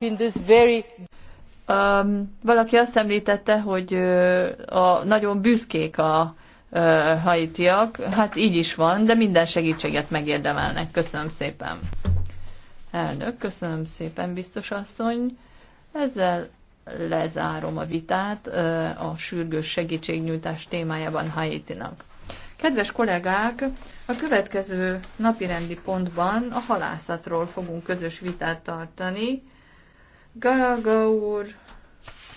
Um, valaki azt említette, hogy a, nagyon büszkék a uh, haitiak. Hát így is van, de minden segítséget megérdemelnek. Köszönöm szépen. Elnök, köszönöm szépen, biztos asszony. Ezzel lezárom a vitát a sürgős segítségnyújtás témájában Haitinak. Kedves kollégák, a következő napirendi pontban a halászatról fogunk közös vitát tartani. Galaga úr,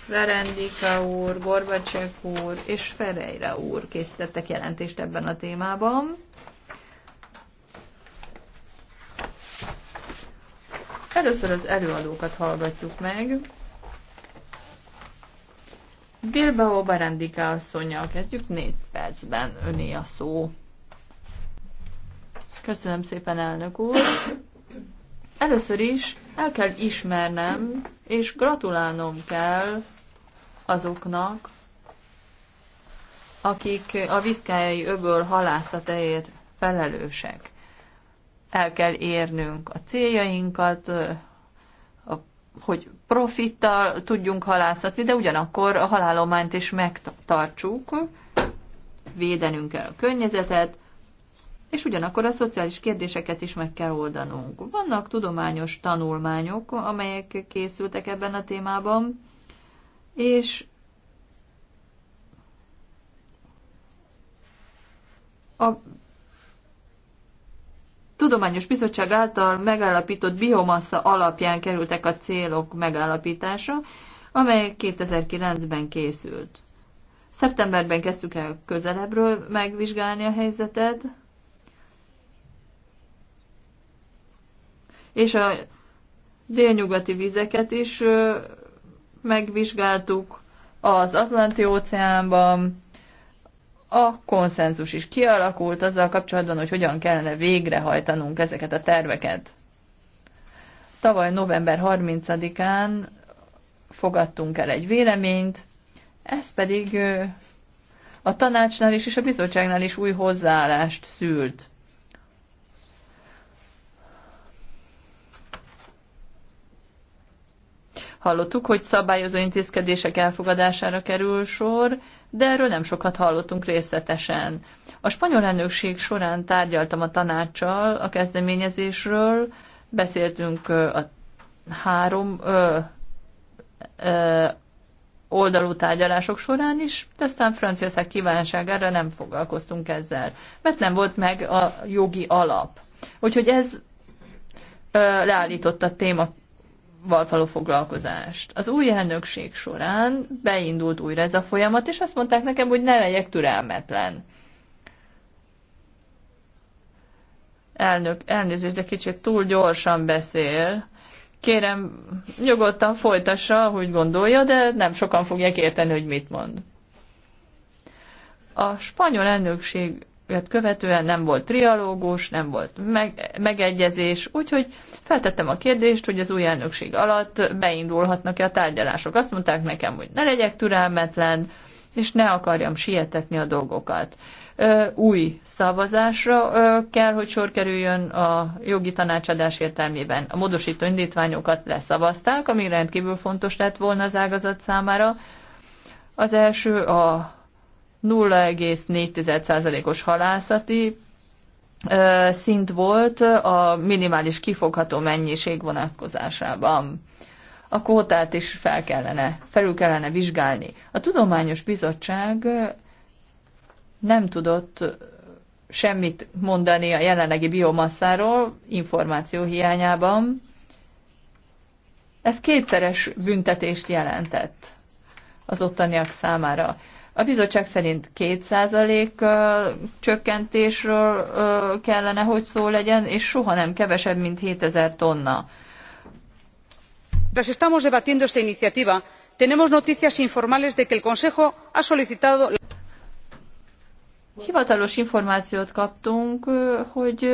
Verendika úr, Gorbacsek úr és Ferejre úr készítettek jelentést ebben a témában. Először az előadókat hallgatjuk meg. Bilbao Barandika asszonyjal kezdjük, négy percben öné a szó. Köszönöm szépen, elnök úr. Először is el kell ismernem, és gratulálnom kell azoknak, akik a viszkályai öböl halászatáért felelősek. El kell érnünk a céljainkat, hogy profittal tudjunk halászatni, de ugyanakkor a halálományt is megtartsuk, védenünk el a környezetet, és ugyanakkor a szociális kérdéseket is meg kell oldanunk. Vannak tudományos tanulmányok, amelyek készültek ebben a témában, és a Tudományos Bizottság által megállapított biomassa alapján kerültek a célok megállapítása, amely 2009-ben készült. Szeptemberben kezdtük el közelebbről megvizsgálni a helyzetet, és a délnyugati vizeket is megvizsgáltuk az Atlanti óceánban, a konszenzus is kialakult azzal kapcsolatban, hogy hogyan kellene végrehajtanunk ezeket a terveket. Tavaly november 30-án fogadtunk el egy véleményt, ez pedig a tanácsnál is és a bizottságnál is új hozzáállást szült. Hallottuk, hogy szabályozó intézkedések elfogadására kerül sor, de erről nem sokat hallottunk részletesen. A spanyol elnökség során tárgyaltam a tanácssal a kezdeményezésről, beszéltünk a három ö, ö, oldalú tárgyalások során is, de aztán Franciaország kívánságára nem foglalkoztunk ezzel, mert nem volt meg a jogi alap. Úgyhogy ez leállította a téma való foglalkozást. Az új elnökség során beindult újra ez a folyamat, és azt mondták nekem, hogy ne legyek türelmetlen. Elnök, elnézést, de kicsit túl gyorsan beszél. Kérem, nyugodtan folytassa, hogy gondolja, de nem sokan fogják érteni, hogy mit mond. A spanyol elnökség őt követően nem volt trialógus, nem volt meg, megegyezés, úgyhogy feltettem a kérdést, hogy az új elnökség alatt beindulhatnak-e a tárgyalások. Azt mondták nekem, hogy ne legyek türelmetlen, és ne akarjam sietetni a dolgokat. Új szavazásra kell, hogy sor kerüljön a jogi tanácsadás értelmében. A módosító indítványokat leszavazták, ami rendkívül fontos lett volna az ágazat számára. Az első a 0,4%-os halászati szint volt a minimális kifogható mennyiség vonatkozásában. A kótát is fel kellene, felül kellene vizsgálni. A Tudományos Bizottság nem tudott semmit mondani a jelenlegi biomasszáról információ hiányában. Ez kétszeres büntetést jelentett az ottaniak számára. A bizottság szerint 2% csökkentésről kellene, hogy szó legyen, és soha nem kevesebb, mint 7000 tonna. Tras estamos debatiendo esta iniciativa, tenemos noticias informales de que el Consejo ha solicitado. Hivatalos információt kaptunk, hogy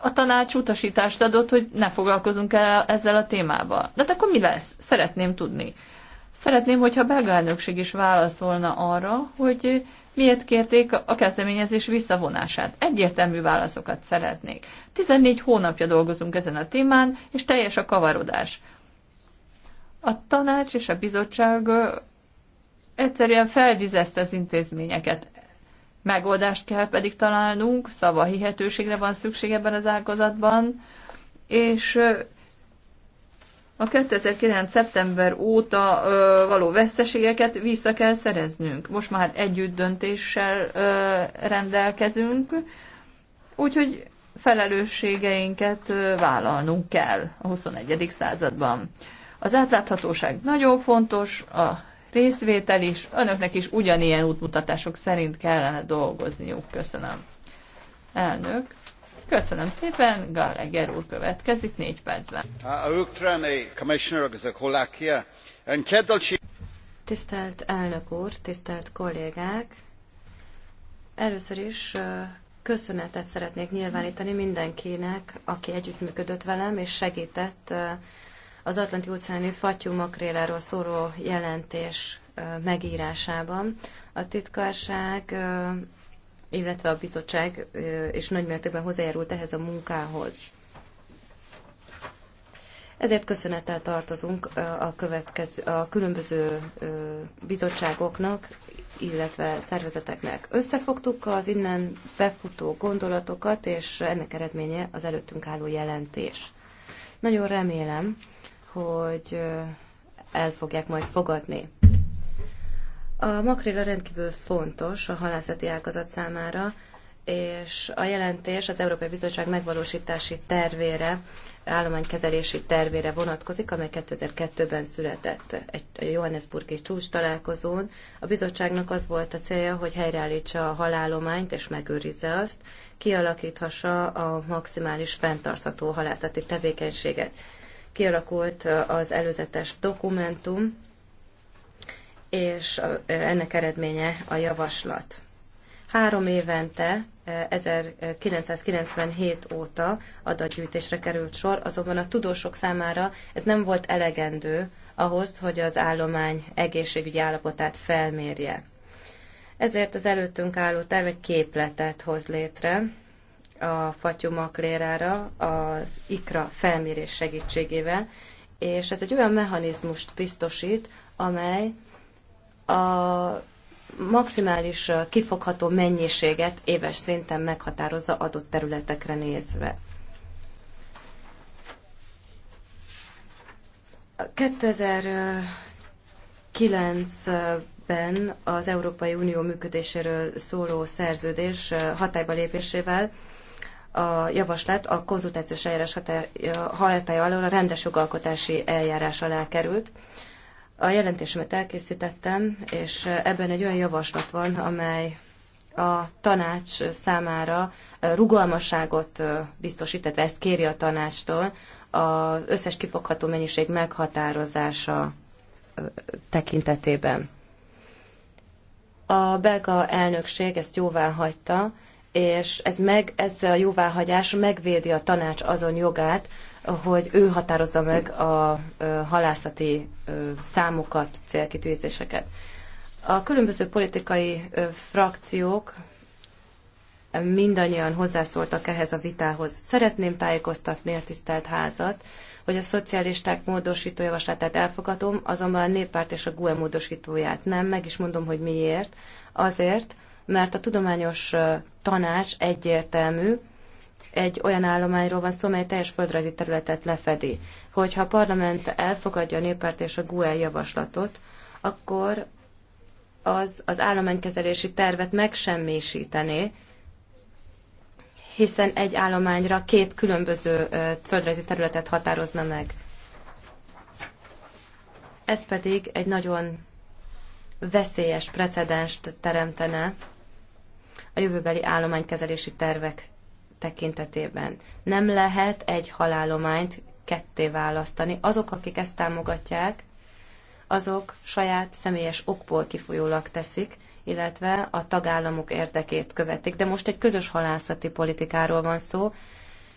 a tanács utasítást adott, hogy ne foglalkozunk el ezzel a témával. De hát akkor mi lesz? Szeretném tudni. Szeretném, hogyha a belga elnökség is válaszolna arra, hogy miért kérték a kezdeményezés visszavonását. Egyértelmű válaszokat szeretnék. 14 hónapja dolgozunk ezen a témán, és teljes a kavarodás. A tanács és a bizottság egyszerűen felvizezte az intézményeket. Megoldást kell pedig találnunk, szava hihetőségre van szükség ebben az ágazatban, és a 2009. szeptember óta ö, való veszteségeket vissza kell szereznünk. Most már együtt döntéssel ö, rendelkezünk, úgyhogy felelősségeinket ö, vállalnunk kell a 21. században. Az átláthatóság nagyon fontos, a részvétel is, önöknek is ugyanilyen útmutatások szerint kellene dolgozniuk. Köszönöm. Elnök. Köszönöm szépen, Gallagher úr következik négy percben. Tisztelt elnök úr, tisztelt kollégák! Először is köszönetet szeretnék nyilvánítani mindenkinek, aki együttműködött velem és segített az Atlanti óceáni fattyú makréláról szóló jelentés megírásában. A titkárság illetve a bizottság és nagymértékben hozzájárult ehhez a munkához. Ezért köszönettel tartozunk a, következő, a különböző bizottságoknak, illetve szervezeteknek. Összefogtuk az innen befutó gondolatokat, és ennek eredménye az előttünk álló jelentés. Nagyon remélem, hogy el fogják majd fogadni. A makréla rendkívül fontos a halászati ágazat számára, és a jelentés az Európai Bizottság megvalósítási tervére, állománykezelési tervére vonatkozik, amely 2002-ben született egy Johannesburgi csúcs találkozón. A bizottságnak az volt a célja, hogy helyreállítsa a halállományt és megőrizze azt, kialakíthassa a maximális fenntartható halászati tevékenységet. Kialakult az előzetes dokumentum, és ennek eredménye a javaslat. Három évente 1997 e, óta adatgyűjtésre került sor, azonban a tudósok számára ez nem volt elegendő ahhoz, hogy az állomány egészségügyi állapotát felmérje. Ezért az előttünk álló terv egy képletet hoz létre a fatyomaklérára az ikra felmérés segítségével, és ez egy olyan mechanizmust biztosít, amely a maximális kifogható mennyiséget éves szinten meghatározza adott területekre nézve. 2009-ben az Európai Unió működéséről szóló szerződés hatályba lépésével a javaslat a konzultációs eljárás hatája alól a rendes jogalkotási eljárás alá került. A jelentésemet elkészítettem, és ebben egy olyan javaslat van, amely a tanács számára rugalmasságot biztosít, tehát ezt kéri a tanácstól, az összes kifogható mennyiség meghatározása tekintetében. A belga elnökség ezt jóvá hagyta, és ez, meg, ez a jóváhagyás megvédi a tanács azon jogát, hogy ő határozza meg a halászati számokat, célkitűzéseket. A különböző politikai frakciók mindannyian hozzászóltak ehhez a vitához. Szeretném tájékoztatni a tisztelt házat, hogy a szocialisták módosító javaslatát elfogadom, azonban a néppárt és a GUE módosítóját nem, meg is mondom, hogy miért. Azért, mert a tudományos tanács egyértelmű, egy olyan állományról van szó, mely teljes földrajzi területet lefedi. Hogyha a parlament elfogadja a néppárt és a GUE javaslatot, akkor az az állománykezelési tervet megsemmisítené, hiszen egy állományra két különböző földrajzi területet határozna meg. Ez pedig egy nagyon veszélyes precedenst teremtene a jövőbeli állománykezelési tervek tekintetében. Nem lehet egy halálományt ketté választani. Azok, akik ezt támogatják, azok saját személyes okból kifolyólag teszik, illetve a tagállamok érdekét követik. De most egy közös halászati politikáról van szó,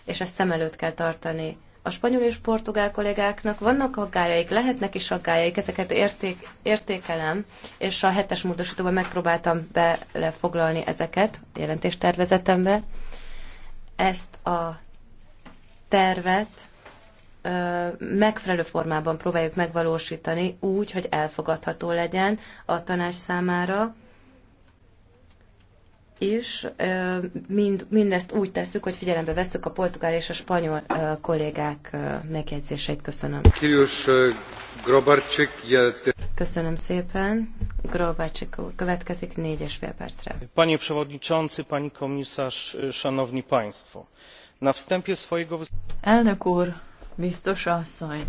és ezt szem előtt kell tartani. A spanyol és portugál kollégáknak vannak aggájaik, lehetnek is aggájaik, ezeket érték, értékelem, és a hetes módosítóban megpróbáltam belefoglalni ezeket a jelentéstervezetembe ezt a tervet megfelelő formában próbáljuk megvalósítani úgy, hogy elfogadható legyen a tanács számára, is mind, mindezt úgy tesszük, hogy figyelembe vesszük a portugál és a spanyol kollégák megjegyzéseit. Köszönöm. Köszönöm szépen. Grabarczyk úr következik négy és fél percre. Panie przewodniczący, pani komisarz, szanowni państwo. Na wstępie swojego... Elnök úr, biztos asszony.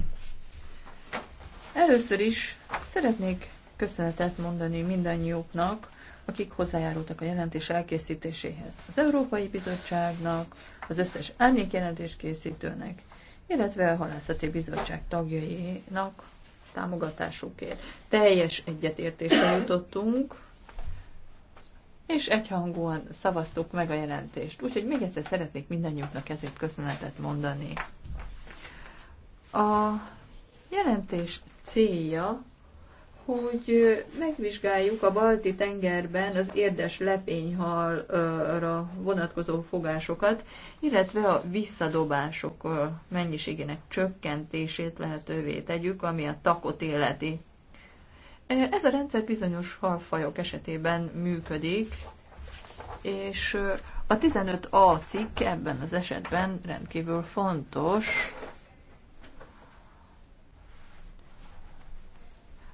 Először is szeretnék köszönetet mondani mindannyiuknak, akik hozzájárultak a jelentés elkészítéséhez. Az Európai Bizottságnak, az összes árnyékjelentés készítőnek, illetve a Halászati Bizottság tagjainak támogatásukért. Teljes egyetértésre jutottunk, és egyhangúan szavaztuk meg a jelentést. Úgyhogy még egyszer szeretnék mindannyiuknak ezért köszönetet mondani. A jelentés célja hogy megvizsgáljuk a balti tengerben az érdes lepényhalra vonatkozó fogásokat, illetve a visszadobások mennyiségének csökkentését lehetővé tegyük, ami a takot életi. Ez a rendszer bizonyos halfajok esetében működik, és a 15A cikk ebben az esetben rendkívül fontos,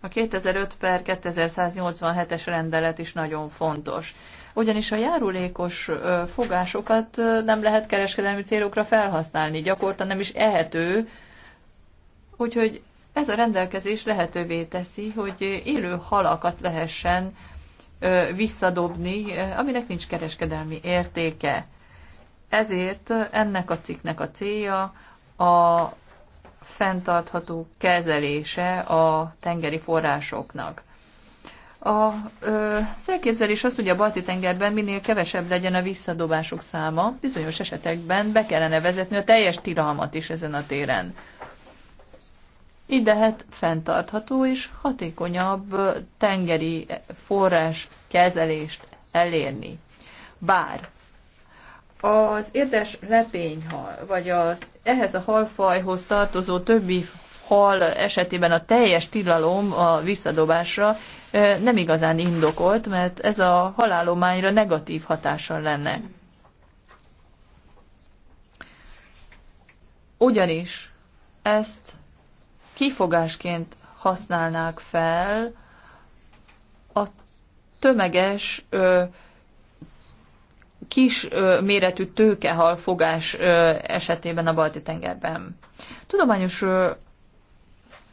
A 2005 per 2187-es rendelet is nagyon fontos. Ugyanis a járulékos fogásokat nem lehet kereskedelmi célokra felhasználni, gyakorta nem is ehető, úgyhogy ez a rendelkezés lehetővé teszi, hogy élő halakat lehessen visszadobni, aminek nincs kereskedelmi értéke. Ezért ennek a cikknek a célja a fenntartható kezelése a tengeri forrásoknak. A, ö, az az, hogy a balti tengerben minél kevesebb legyen a visszadobások száma, bizonyos esetekben be kellene vezetni a teljes tilalmat is ezen a téren. Így lehet fenntartható és hatékonyabb tengeri forrás kezelést elérni. Bár az érdes lepényhal, vagy az ehhez a halfajhoz tartozó többi hal esetében a teljes tilalom a visszadobásra nem igazán indokolt, mert ez a halálományra negatív hatással lenne. Ugyanis ezt kifogásként használnák fel a tömeges ö, kis méretű tőkehal ö, esetében a Balti-tengerben. Tudományos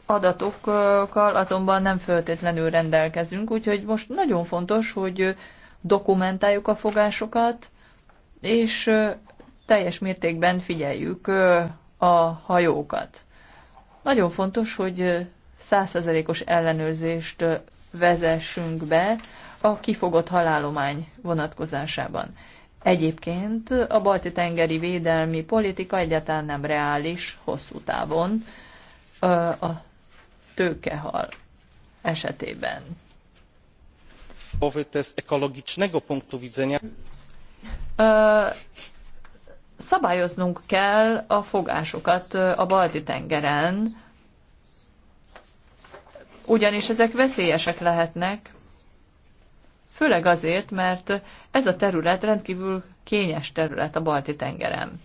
adatokkal azonban nem feltétlenül rendelkezünk, úgyhogy most nagyon fontos, hogy dokumentáljuk a fogásokat, és teljes mértékben figyeljük a hajókat. Nagyon fontos, hogy százszerzelékos ellenőrzést vezessünk be a kifogott halálomány vonatkozásában. Egyébként a balti tengeri védelmi politika egyáltalán nem reális hosszú távon a tőkehal esetében. Szabályoznunk kell a fogásokat a balti tengeren, ugyanis ezek veszélyesek lehetnek, főleg azért, mert ez a terület rendkívül kényes terület a Balti tengeren.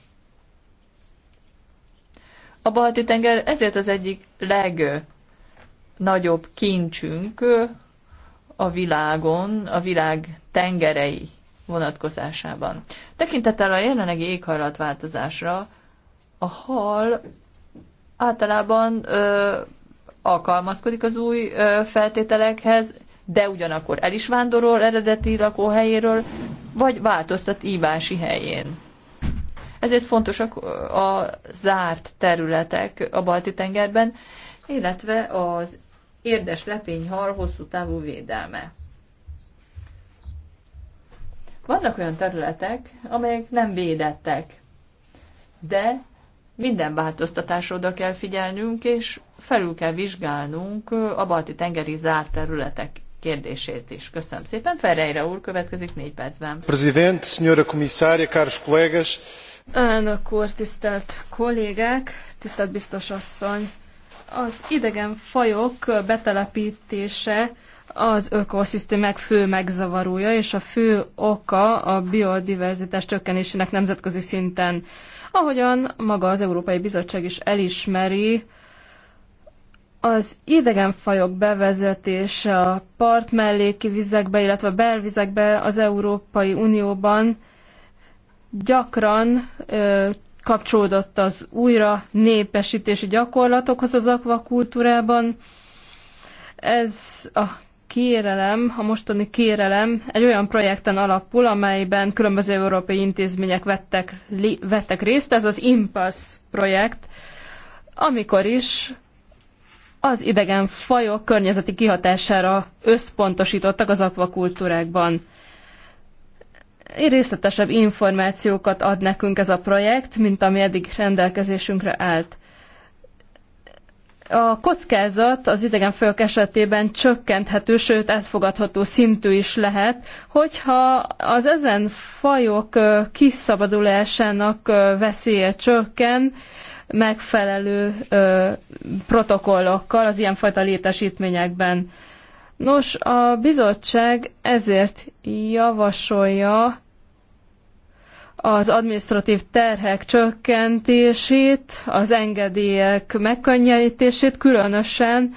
A Balti tenger ezért az egyik legnagyobb kincsünk a világon, a világ tengerei vonatkozásában. Tekintettel a jelenlegi éghajlatváltozásra a hal általában ö, alkalmazkodik az új ö, feltételekhez, de ugyanakkor el is vándorol eredeti lakóhelyéről, vagy változtat ívási helyén. Ezért fontosak a zárt területek a Balti-tengerben, illetve az érdes lepényhal hosszú távú védelme. Vannak olyan területek, amelyek nem védettek, de minden változtatásra oda kell figyelnünk, és felül kell vizsgálnunk a balti tengeri zárt területek kérdését is. Köszönöm szépen. Ferreira úr következik négy percben. Prezident, senyora komisszária, káros kollégás. Elnök úr, tisztelt kollégák, tisztelt biztos asszony. Az idegen fajok betelepítése az ökoszisztémák fő megzavarója, és a fő oka a biodiverzitás csökkenésének nemzetközi szinten. Ahogyan maga az Európai Bizottság is elismeri, az idegenfajok bevezetése a part melléki vizekbe, illetve a belvizekbe az Európai Unióban gyakran ö, kapcsolódott az újra népesítési gyakorlatokhoz az akvakultúrában. Ez a kérelem, a mostani kérelem egy olyan projekten alapul, amelyben különböző európai intézmények vettek, li, vettek részt, ez az IMPASS projekt, amikor is az idegen fajok környezeti kihatására összpontosítottak az akvakultúrákban. Részletesebb információkat ad nekünk ez a projekt, mint ami eddig rendelkezésünkre állt. A kockázat az idegen fajok esetében csökkenthető, sőt elfogadható szintű is lehet, hogyha az ezen fajok kiszabadulásának veszélye csökken, megfelelő ö, protokollokkal az ilyenfajta létesítményekben. Nos, a bizottság ezért javasolja az administratív terhek csökkentését, az engedélyek megkönnyítését, különösen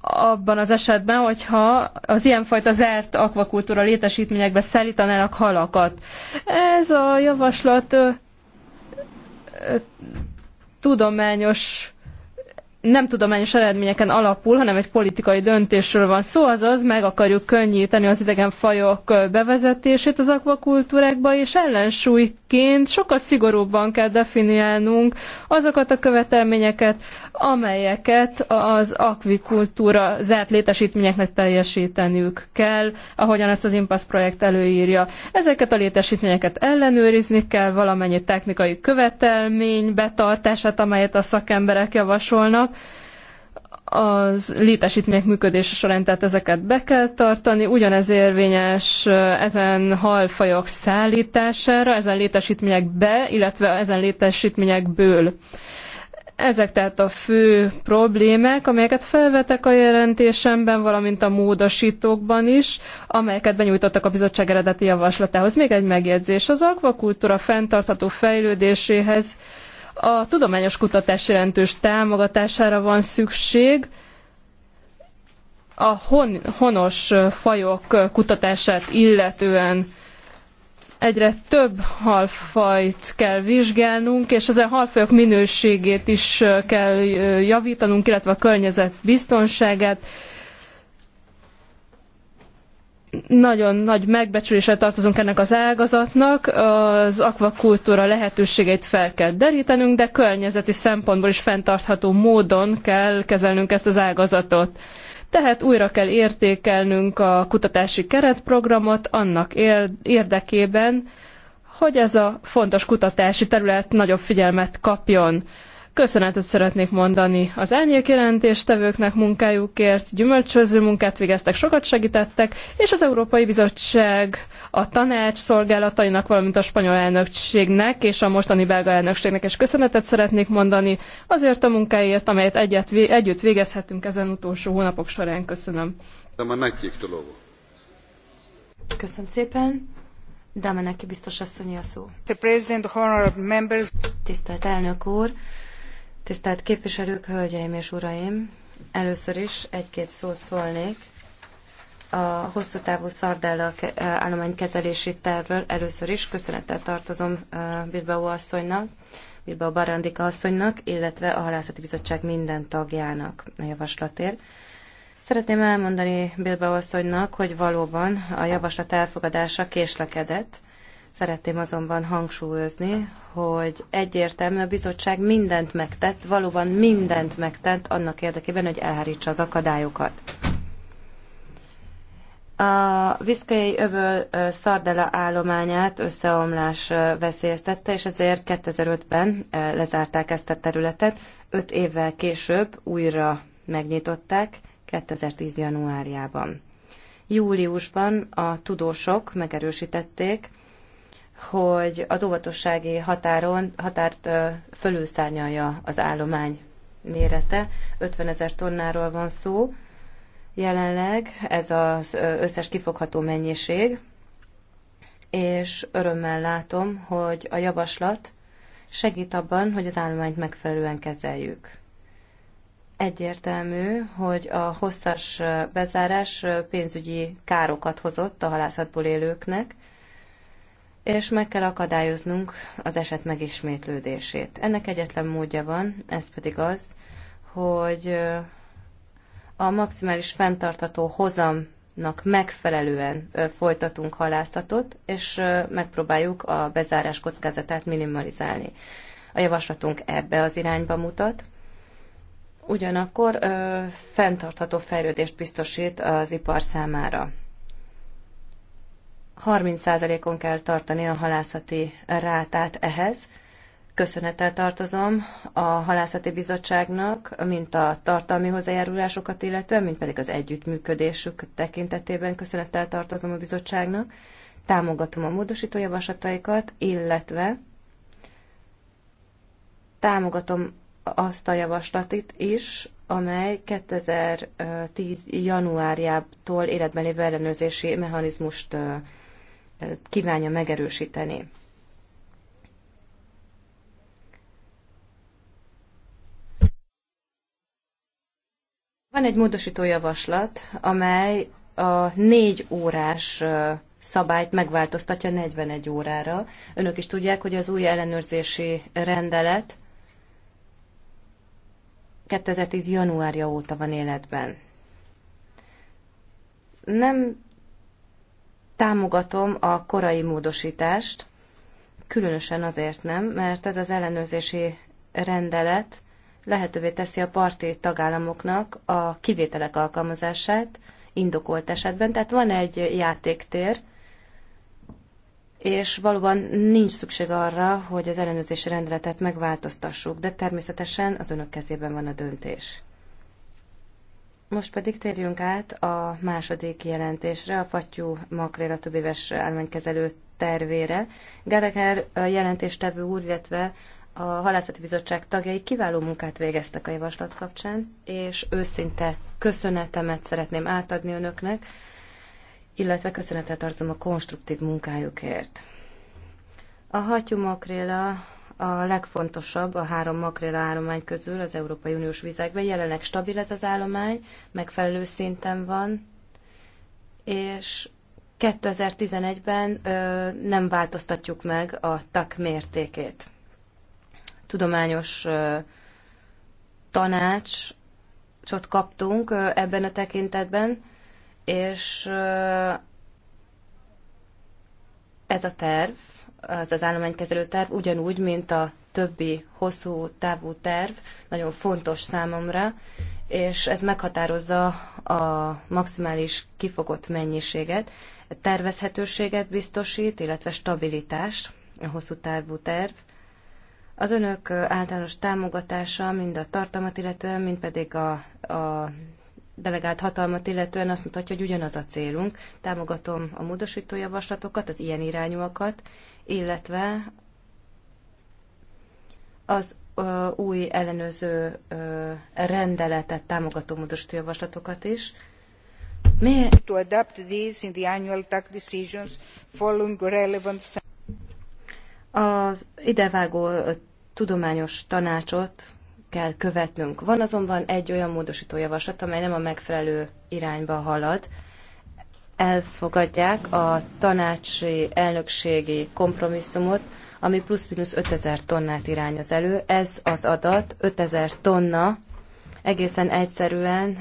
abban az esetben, hogyha az ilyenfajta zárt akvakultúra létesítményekbe szállítanának halakat. Ez a javaslat tudományos nem tudományos eredményeken alapul, hanem egy politikai döntésről van szó, azaz meg akarjuk könnyíteni az idegen fajok bevezetését az akvakultúrákba, és ellensúlyt ként sokkal szigorúbban kell definiálnunk azokat a követelményeket, amelyeket az akvikultúra zárt létesítményeknek teljesíteniük kell, ahogyan ezt az IMPASZ projekt előírja. Ezeket a létesítményeket ellenőrizni kell, valamennyi technikai követelmény betartását, amelyet a szakemberek javasolnak, az létesítmények működése során, tehát ezeket be kell tartani. Ugyanez érvényes ezen halfajok szállítására, ezen létesítmények be, illetve ezen létesítményekből. Ezek tehát a fő problémák, amelyeket felvetek a jelentésemben, valamint a módosítókban is, amelyeket benyújtottak a bizottság eredeti javaslatához. Még egy megjegyzés. Az akvakultúra fenntartható fejlődéséhez a tudományos kutatás jelentős támogatására van szükség, a hon, honos fajok kutatását illetően egyre több halfajt kell vizsgálnunk, és ezen halfajok minőségét is kell javítanunk, illetve a környezet biztonságát, nagyon nagy megbecsülésre tartozunk ennek az ágazatnak, az akvakultúra lehetőségeit fel kell derítenünk, de környezeti szempontból is fenntartható módon kell kezelnünk ezt az ágazatot. Tehát újra kell értékelnünk a kutatási keretprogramot annak érdekében, hogy ez a fontos kutatási terület nagyobb figyelmet kapjon. Köszönetet szeretnék mondani az elnyék jelentéstevőknek munkájukért, gyümölcsöző munkát végeztek, sokat segítettek, és az Európai Bizottság a tanács szolgálatainak, valamint a spanyol elnökségnek és a mostani belga elnökségnek is köszönetet szeretnék mondani azért a munkáért, amelyet egyet, együtt végezhetünk ezen utolsó hónapok során. Köszönöm. Köszönöm szépen. Dameneki biztos asszony a szó. Tisztelt elnök úr, Tisztelt képviselők, hölgyeim és uraim! Először is egy-két szót szólnék a hosszú távú szardella állomány kezelési tervről. Először is köszönettel tartozom Bilbao asszonynak, Bilbao Barandika asszonynak, illetve a Halászati Bizottság minden tagjának a javaslatért. Szeretném elmondani Bilbao asszonynak, hogy valóban a javaslat elfogadása késlekedett, Szeretném azonban hangsúlyozni, hogy egyértelmű a bizottság mindent megtett, valóban mindent megtett annak érdekében, hogy elhárítsa az akadályokat. A Viszkajai öböl Szardella állományát összeomlás veszélyeztette, és ezért 2005-ben lezárták ezt a területet. Öt évvel később újra megnyitották, 2010. januárjában. Júliusban a tudósok megerősítették, hogy az óvatossági határon, határt fölülszárnyalja az állomány mérete. 50 ezer tonnáról van szó. Jelenleg ez az összes kifogható mennyiség, és örömmel látom, hogy a javaslat segít abban, hogy az állományt megfelelően kezeljük. Egyértelmű, hogy a hosszas bezárás pénzügyi károkat hozott a halászatból élőknek, és meg kell akadályoznunk az eset megismétlődését. Ennek egyetlen módja van, ez pedig az, hogy a maximális fenntartató hozamnak megfelelően folytatunk halászatot, és megpróbáljuk a bezárás kockázatát minimalizálni. A javaslatunk ebbe az irányba mutat, ugyanakkor fenntartható fejlődést biztosít az ipar számára. 30%-on kell tartani a halászati rátát ehhez. Köszönettel tartozom a Halászati Bizottságnak, mint a tartalmi hozzájárulásokat illetően, mint pedig az együttműködésük tekintetében köszönettel tartozom a bizottságnak. Támogatom a módosító javaslataikat, illetve támogatom azt a javaslatit is, amely 2010. januárjától életben lévő ellenőrzési mechanizmust kívánja megerősíteni. Van egy módosító javaslat, amely a négy órás szabályt megváltoztatja 41 órára. Önök is tudják, hogy az új ellenőrzési rendelet 2010. januárja óta van életben. Nem támogatom a korai módosítást, különösen azért nem, mert ez az ellenőrzési rendelet lehetővé teszi a parti tagállamoknak a kivételek alkalmazását indokolt esetben. Tehát van egy játéktér, és valóban nincs szükség arra, hogy az ellenőrzési rendeletet megváltoztassuk, de természetesen az önök kezében van a döntés. Most pedig térjünk át a második jelentésre, a Fattyú több éves állománykezelő tervére. Gereker jelentéstevő úr, illetve a Halászati Bizottság tagjai kiváló munkát végeztek a javaslat kapcsán, és őszinte köszönetemet szeretném átadni önöknek, illetve köszönetet tartozom a konstruktív munkájukért. A hattyú makréla a legfontosabb a három makrela állomány közül az Európai Uniós vizekben. Jelenleg stabil ez az állomány, megfelelő szinten van, és 2011-ben nem változtatjuk meg a TAK mértékét. Tudományos ö, tanácsot kaptunk ö, ebben a tekintetben, és ö, ez a terv, az az állománykezelő terv, ugyanúgy, mint a többi hosszú távú terv, nagyon fontos számomra, és ez meghatározza a maximális kifogott mennyiséget, tervezhetőséget biztosít, illetve stabilitást a hosszú távú terv. Az önök általános támogatása mind a tartalmat illetően, mind pedig a, a delegált hatalmat illetően azt mutatja, hogy ugyanaz a célunk. Támogatom a módosító javaslatokat, az ilyen irányúakat, illetve az ö, új ellenőző ö, rendeletet támogató módosító javaslatokat is. Mi... To adapt these in the annual tax decisions following relevant... Az idevágó tudományos tanácsot kell követnünk. Van azonban egy olyan módosító javaslat, amely nem a megfelelő irányba halad elfogadják a tanácsi elnökségi kompromisszumot, ami plusz-minusz 5000 tonnát irányoz elő. Ez az adat, 5000 tonna, egészen egyszerűen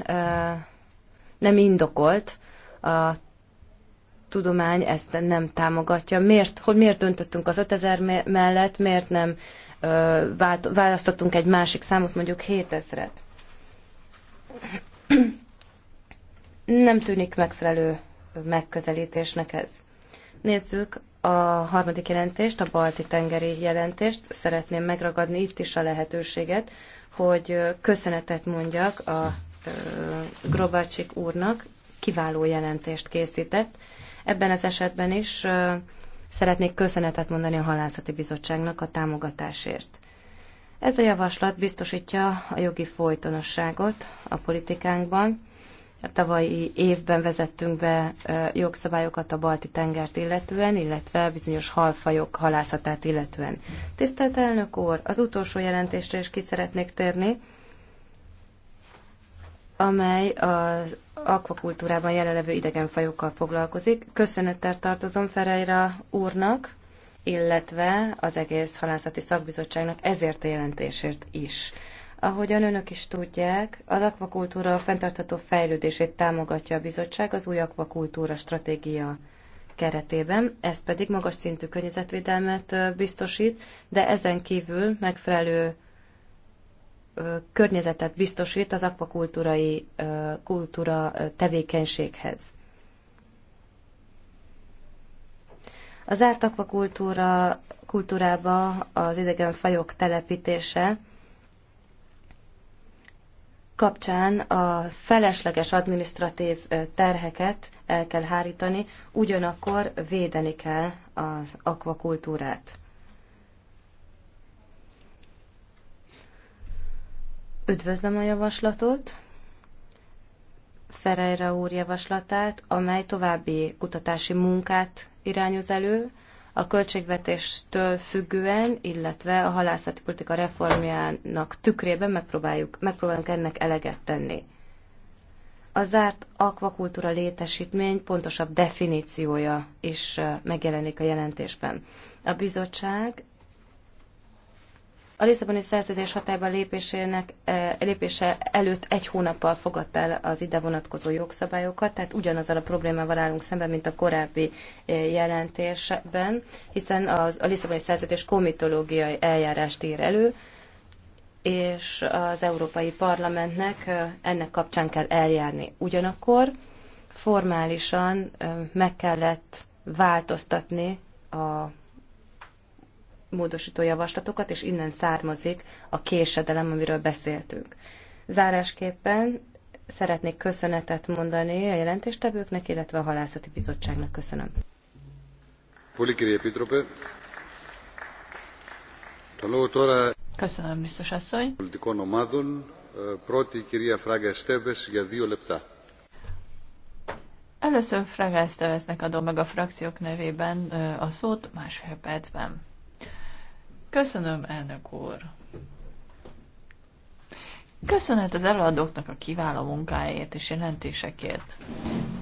nem indokolt. A tudomány ezt nem támogatja. Miért, hogy miért döntöttünk az 5000 mellett, miért nem választottunk egy másik számot, mondjuk 7000-et? Nem tűnik megfelelő megközelítésnek ez. Nézzük a harmadik jelentést, a balti tengeri jelentést. Szeretném megragadni itt is a lehetőséget, hogy köszönetet mondjak a Grobácsik úrnak, kiváló jelentést készített. Ebben az esetben is szeretnék köszönetet mondani a Halászati Bizottságnak a támogatásért. Ez a javaslat biztosítja a jogi folytonosságot a politikánkban, a tavalyi évben vezettünk be jogszabályokat a balti tengert illetően, illetve bizonyos halfajok halászatát illetően. Tisztelt elnök úr, az utolsó jelentésre is ki szeretnék térni, amely az akvakultúrában jelenlevő idegenfajokkal foglalkozik. Köszönettel tartozom Ferejra úrnak, illetve az egész halászati szakbizottságnak ezért a jelentésért is. Ahogyan önök is tudják, az akvakultúra fenntartható fejlődését támogatja a bizottság az új akvakultúra stratégia keretében, ez pedig magas szintű környezetvédelmet biztosít, de ezen kívül megfelelő környezetet biztosít az akvakultúrai kultúra tevékenységhez. Az árt akvakultúra kultúrába az idegen fajok telepítése kapcsán a felesleges administratív terheket el kell hárítani, ugyanakkor védeni kell az akvakultúrát. Üdvözlöm a javaslatot, Ferreira úr javaslatát, amely további kutatási munkát irányoz elő, a költségvetéstől függően, illetve a halászati politika reformjának tükrében megpróbáljuk, megpróbálunk ennek eleget tenni. A zárt akvakultúra létesítmény pontosabb definíciója is megjelenik a jelentésben. A bizottság a Lisszaboni szerződés hatályba lépésének, e, lépése előtt egy hónappal fogadta el az ide vonatkozó jogszabályokat, tehát ugyanazzal a problémával állunk szemben, mint a korábbi e, jelentésben, hiszen az, a Lisszaboni szerződés komitológiai eljárást ír elő, és az Európai Parlamentnek e, ennek kapcsán kell eljárni. Ugyanakkor formálisan meg kellett változtatni a módosító javaslatokat, és innen származik a késedelem, amiről beszéltünk. Zárásképpen szeretnék köszönetet mondani a jelentéstevőknek, illetve a halászati bizottságnak. Köszönöm. Köszönöm, biztos asszony. Először Fraga Esteveznek adom meg a frakciók nevében a szót másfél percben. Köszönöm, elnök úr. Köszönet az előadóknak a kiváló munkáért és jelentésekért.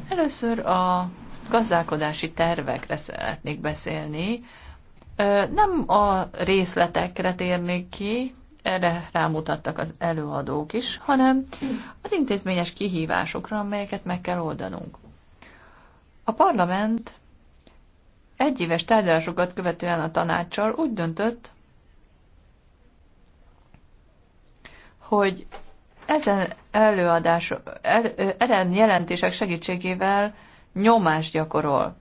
Először a gazdálkodási tervekre szeretnék beszélni. Nem a részletekre térnék ki, erre rámutattak az előadók is, hanem az intézményes kihívásokra, amelyeket meg kell oldanunk. A parlament egyéves tárgyalásokat követően a tanácssal úgy döntött, hogy ezen előadás, el, el, jelentések segítségével nyomást gyakorol.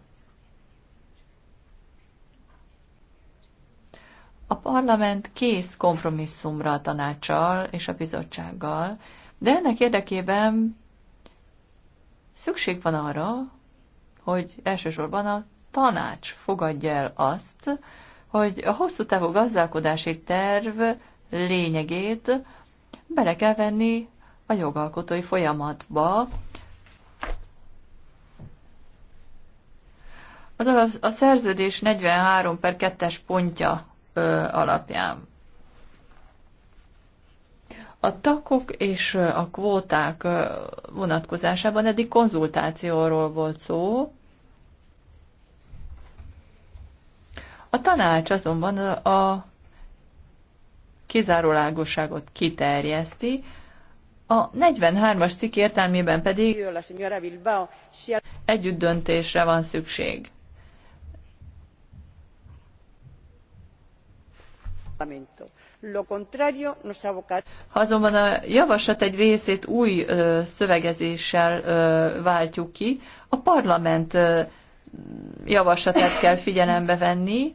A parlament kész kompromisszumra a tanácssal és a bizottsággal, de ennek érdekében szükség van arra, hogy elsősorban a tanács fogadja el azt, hogy a hosszú távú gazdálkodási terv lényegét bele kell venni a jogalkotói folyamatba. Az a szerződés 43 per 2-es pontja ö, alapján. A takok és a kvóták vonatkozásában eddig konzultációról volt szó. A tanács azonban a kizárólagosságot kiterjeszti, a 43-as cikk értelmében pedig együtt döntésre van szükség. Ha azonban a javaslat egy részét új ö, szövegezéssel ö, váltjuk ki, a parlament ö, javaslatát kell figyelembe venni,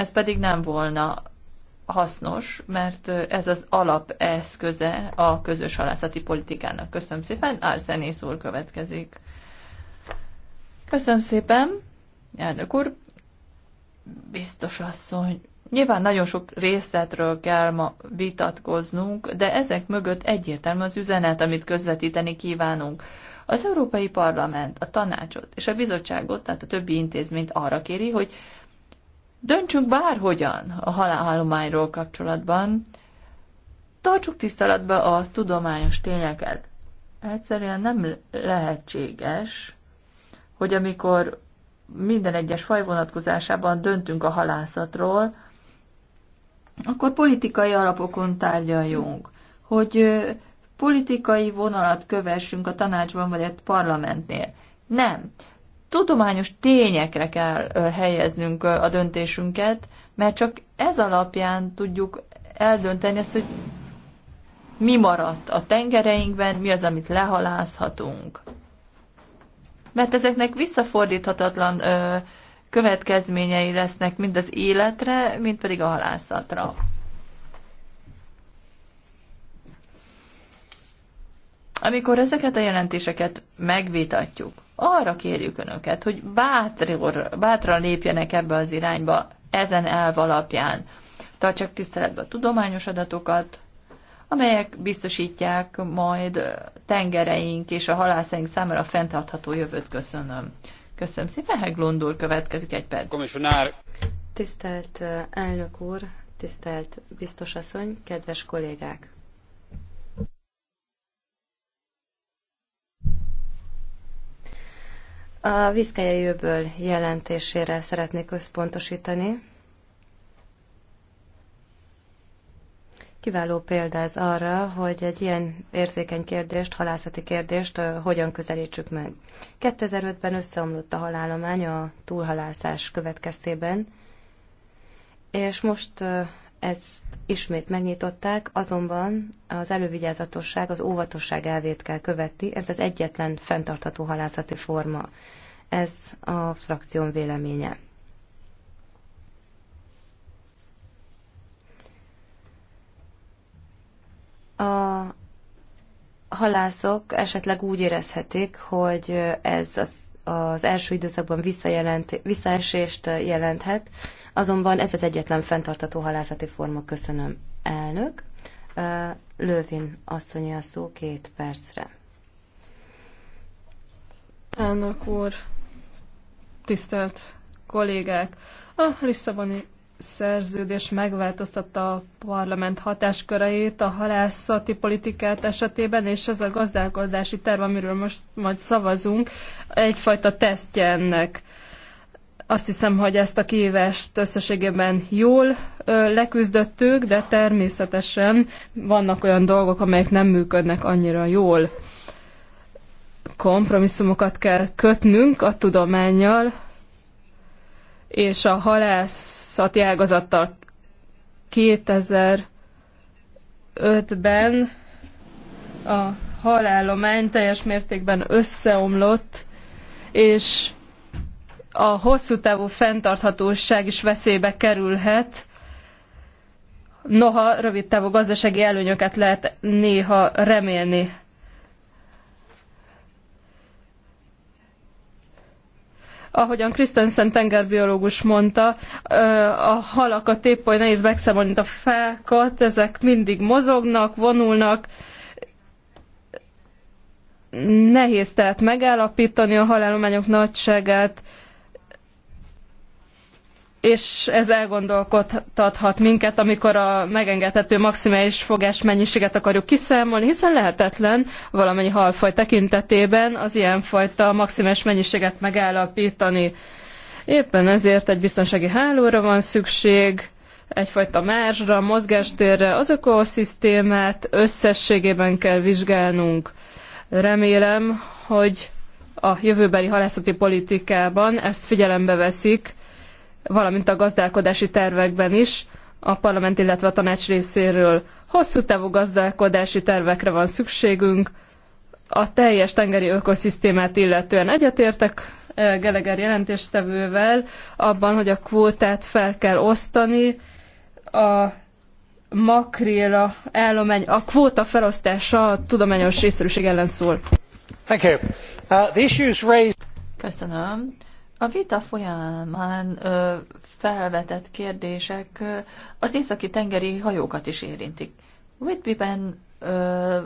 ez pedig nem volna hasznos, mert ez az alapeszköze a közös halászati politikának. Köszönöm szépen, Arsenész úr következik. Köszönöm szépen, elnök úr, biztos asszony. Nyilván nagyon sok részletről kell ma vitatkoznunk, de ezek mögött egyértelmű az üzenet, amit közvetíteni kívánunk. Az Európai Parlament, a tanácsot és a bizottságot, tehát a többi intézményt arra kéri, hogy Döntsünk bárhogyan a halálhalományról kapcsolatban, tartsuk tiszteletbe a tudományos tényeket. Egyszerűen nem lehetséges, hogy amikor minden egyes faj vonatkozásában döntünk a halászatról, akkor politikai alapokon tárgyaljunk, hogy politikai vonalat kövessünk a tanácsban vagy a parlamentnél. Nem tudományos tényekre kell helyeznünk a döntésünket, mert csak ez alapján tudjuk eldönteni ezt, hogy mi maradt a tengereinkben, mi az, amit lehalázhatunk, Mert ezeknek visszafordíthatatlan ö, következményei lesznek mind az életre, mind pedig a halászatra. Amikor ezeket a jelentéseket megvitatjuk, arra kérjük önöket, hogy bátor, bátran lépjenek ebbe az irányba ezen elv alapján. Tartsak tiszteletbe a tudományos adatokat, amelyek biztosítják majd tengereink és a halászaink számára fenntartható jövőt. Köszönöm. Köszönöm szépen, Heglund következik egy perc. Komissionár. Tisztelt eh, elnök úr, tisztelt biztosasszony, kedves kollégák! A Viszkályai Öböl jelentésére szeretnék összpontosítani. Kiváló példa ez arra, hogy egy ilyen érzékeny kérdést, halászati kérdést hogyan közelítsük meg. 2005-ben összeomlott a halálomány a túlhalászás következtében, és most ezt ismét megnyitották, azonban az elővigyázatosság, az óvatosság elvét kell követni, ez az egyetlen fenntartható halászati forma. Ez a frakción véleménye. A halászok esetleg úgy érezhetik, hogy ez az, az első időszakban visszaesést jelenthet, azonban ez az egyetlen fenntartató halászati forma. Köszönöm, elnök. Lövin asszonyi a szó két percre. Elnök úr, tisztelt kollégák! A Lisszaboni szerződés megváltoztatta a parlament hatásköreit a halászati politikát esetében, és ez a gazdálkodási terv, amiről most majd szavazunk, egyfajta tesztje ennek. Azt hiszem, hogy ezt a kihívást összességében jól leküzdöttük, de természetesen vannak olyan dolgok, amelyek nem működnek annyira jól. Kompromisszumokat kell kötnünk a tudományjal, és a halászati ágazattal 2005-ben a halállomány teljes mértékben összeomlott, és a hosszú távú fenntarthatóság is veszélybe kerülhet, noha rövid távú gazdasági előnyöket lehet néha remélni. ahogyan Christensen tengerbiológus mondta, a halakat épp oly nehéz megszámolni, mint a fákat, ezek mindig mozognak, vonulnak, nehéz tehát megállapítani a halálományok nagyságát, és ez elgondolkodtathat minket, amikor a megengedhető maximális fogás mennyiséget akarjuk kiszámolni, hiszen lehetetlen valamennyi halfaj tekintetében az ilyenfajta maximális mennyiséget megállapítani. Éppen ezért egy biztonsági hálóra van szükség, egyfajta mázsra, mozgástérre, az ökoszisztémát összességében kell vizsgálnunk. Remélem, hogy a jövőbeli halászati politikában ezt figyelembe veszik, valamint a gazdálkodási tervekben is a parlament, illetve a tanács részéről. Hosszú távú gazdálkodási tervekre van szükségünk, a teljes tengeri ökoszisztémát illetően egyetértek eh, Geleger jelentéstevővel abban, hogy a kvótát fel kell osztani, a makrél a állomány, a kvóta felosztása a tudományos részszerűség ellen szól. Thank you. Uh, the issues raised... Köszönöm. A vita folyamán ö, felvetett kérdések ö, az északi tengeri hajókat is érintik. Whitbyben ö,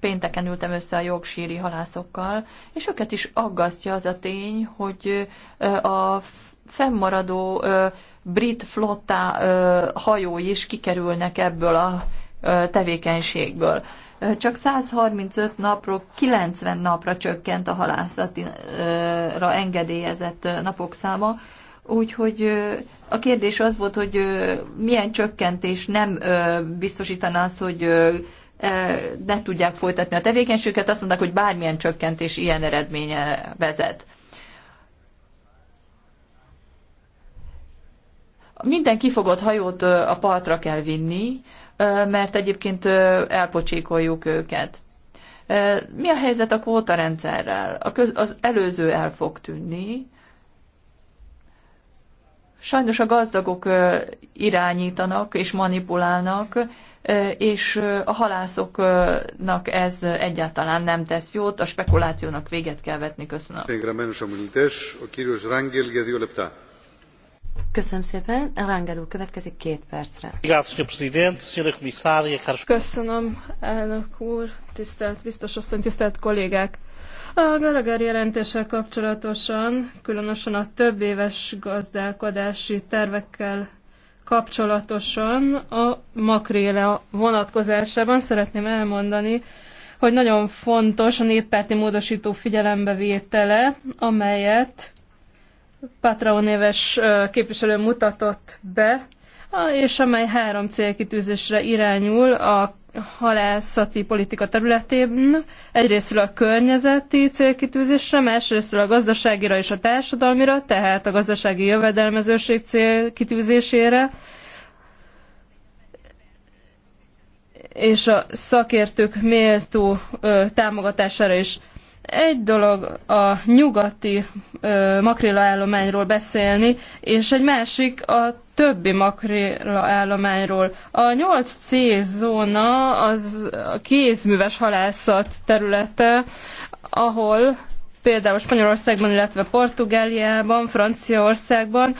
pénteken ültem össze a jogsíri halászokkal, és őket is aggasztja az a tény, hogy ö, a fennmaradó ö, brit flotta ö, hajói is kikerülnek ebből a ö, tevékenységből csak 135 napról 90 napra csökkent a halászatra engedélyezett napok száma, úgyhogy a kérdés az volt, hogy milyen csökkentés nem biztosítaná azt, hogy e, ne tudják folytatni a tevékenységüket, azt mondták, hogy bármilyen csökkentés ilyen eredménye vezet. Minden kifogott hajót a partra kell vinni, mert egyébként elpocsékoljuk őket. Mi a helyzet a kvótarendszerrel? A köz, az előző el fog tűnni. Sajnos a gazdagok irányítanak és manipulálnak, és a halászoknak ez egyáltalán nem tesz jót, a spekulációnak véget kell vetni. Köszönöm. Köszönöm szépen. Rangel úr, következik két percre. Köszönöm, elnök úr, tisztelt biztos asszony, tisztelt kollégák. A Gallagher jelentéssel kapcsolatosan, különösen a több éves gazdálkodási tervekkel kapcsolatosan a makréle vonatkozásában szeretném elmondani, hogy nagyon fontos a néppárti módosító figyelembevétele, amelyet Patraonéves néves képviselő mutatott be, és amely három célkitűzésre irányul a halászati politika területén, egyrésztről a környezeti célkitűzésre, másrésztről a gazdaságira és a társadalmira, tehát a gazdasági jövedelmezőség célkitűzésére, és a szakértők méltó ö, támogatására is. Egy dolog a nyugati makrélaállományról beszélni, és egy másik a többi makrélaállományról. A 8C zóna az a kézműves halászat területe, ahol például Spanyolországban, illetve Portugáliában, Franciaországban.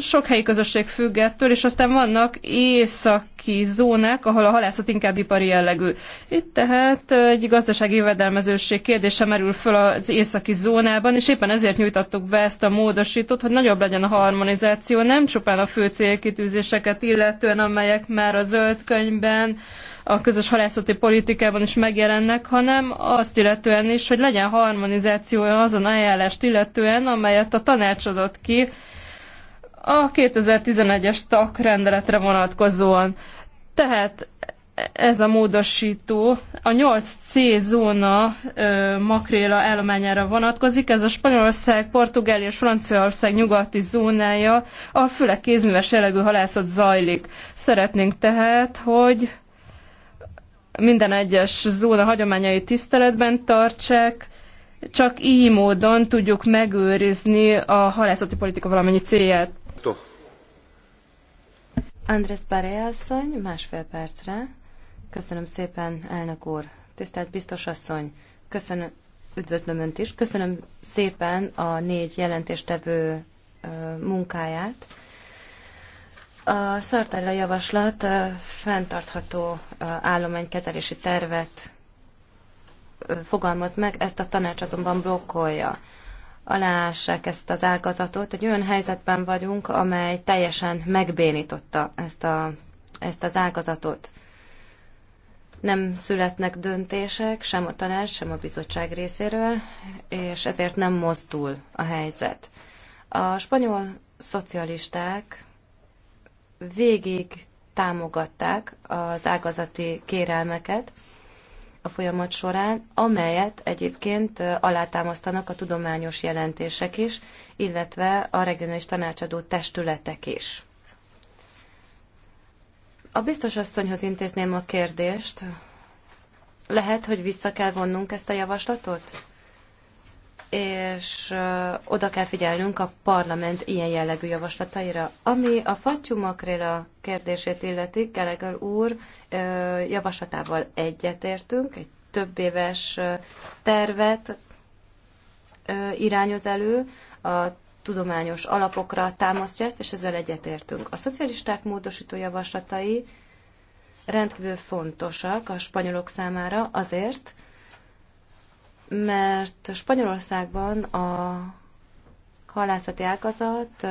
Sok helyi közösség függ ettől, és aztán vannak északi zónák, ahol a halászat inkább ipari jellegű. Itt tehát egy gazdasági jövedelmezőség kérdése merül föl az északi zónában, és éppen ezért nyújtottuk be ezt a módosítót, hogy nagyobb legyen a harmonizáció, nem csupán a fő célkitűzéseket illetően, amelyek már a zöld könyvben, a közös halászati politikában is megjelennek, hanem azt illetően is, hogy legyen harmonizációja azon ajánlást illetően, amelyet a tanács adott ki a 2011-es TAK rendeletre vonatkozóan. Tehát ez a módosító a 8C zóna ö, makréla állományára vonatkozik, ez a Spanyolország, Portugália és Franciaország nyugati zónája, a főleg kézműves jellegű halászat zajlik. Szeretnénk tehát, hogy minden egyes zóna hagyományai tiszteletben tartsák, csak így módon tudjuk megőrizni a halászati politika valamennyi célját. Andrész Baré asszony, másfél percre. Köszönöm szépen, elnök úr. Tisztelt biztos asszony, köszönöm, üdvözlöm Önt is. Köszönöm szépen a négy jelentéstevő munkáját. A Szartella javaslat fenntartható állománykezelési tervet fogalmaz meg, ezt a tanács azonban blokkolja. Alássák ezt az ágazatot. hogy olyan helyzetben vagyunk, amely teljesen megbénította ezt, a, ezt az ágazatot. Nem születnek döntések sem a tanács, sem a bizottság részéről, és ezért nem mozdul a helyzet. A spanyol szocialisták végig támogatták az ágazati kérelmeket a folyamat során, amelyet egyébként alátámasztanak a tudományos jelentések is, illetve a regionális tanácsadó testületek is. A biztos asszonyhoz intézném a kérdést. Lehet, hogy vissza kell vonnunk ezt a javaslatot? és oda kell figyelnünk a parlament ilyen jellegű javaslataira. Ami a a kérdését illeti, Gallagher úr javaslatával egyetértünk, egy több éves tervet irányoz elő, a tudományos alapokra támasztja ezt, és ezzel egyetértünk. A szocialisták módosító javaslatai rendkívül fontosak a spanyolok számára azért, mert Spanyolországban a halászati ágazat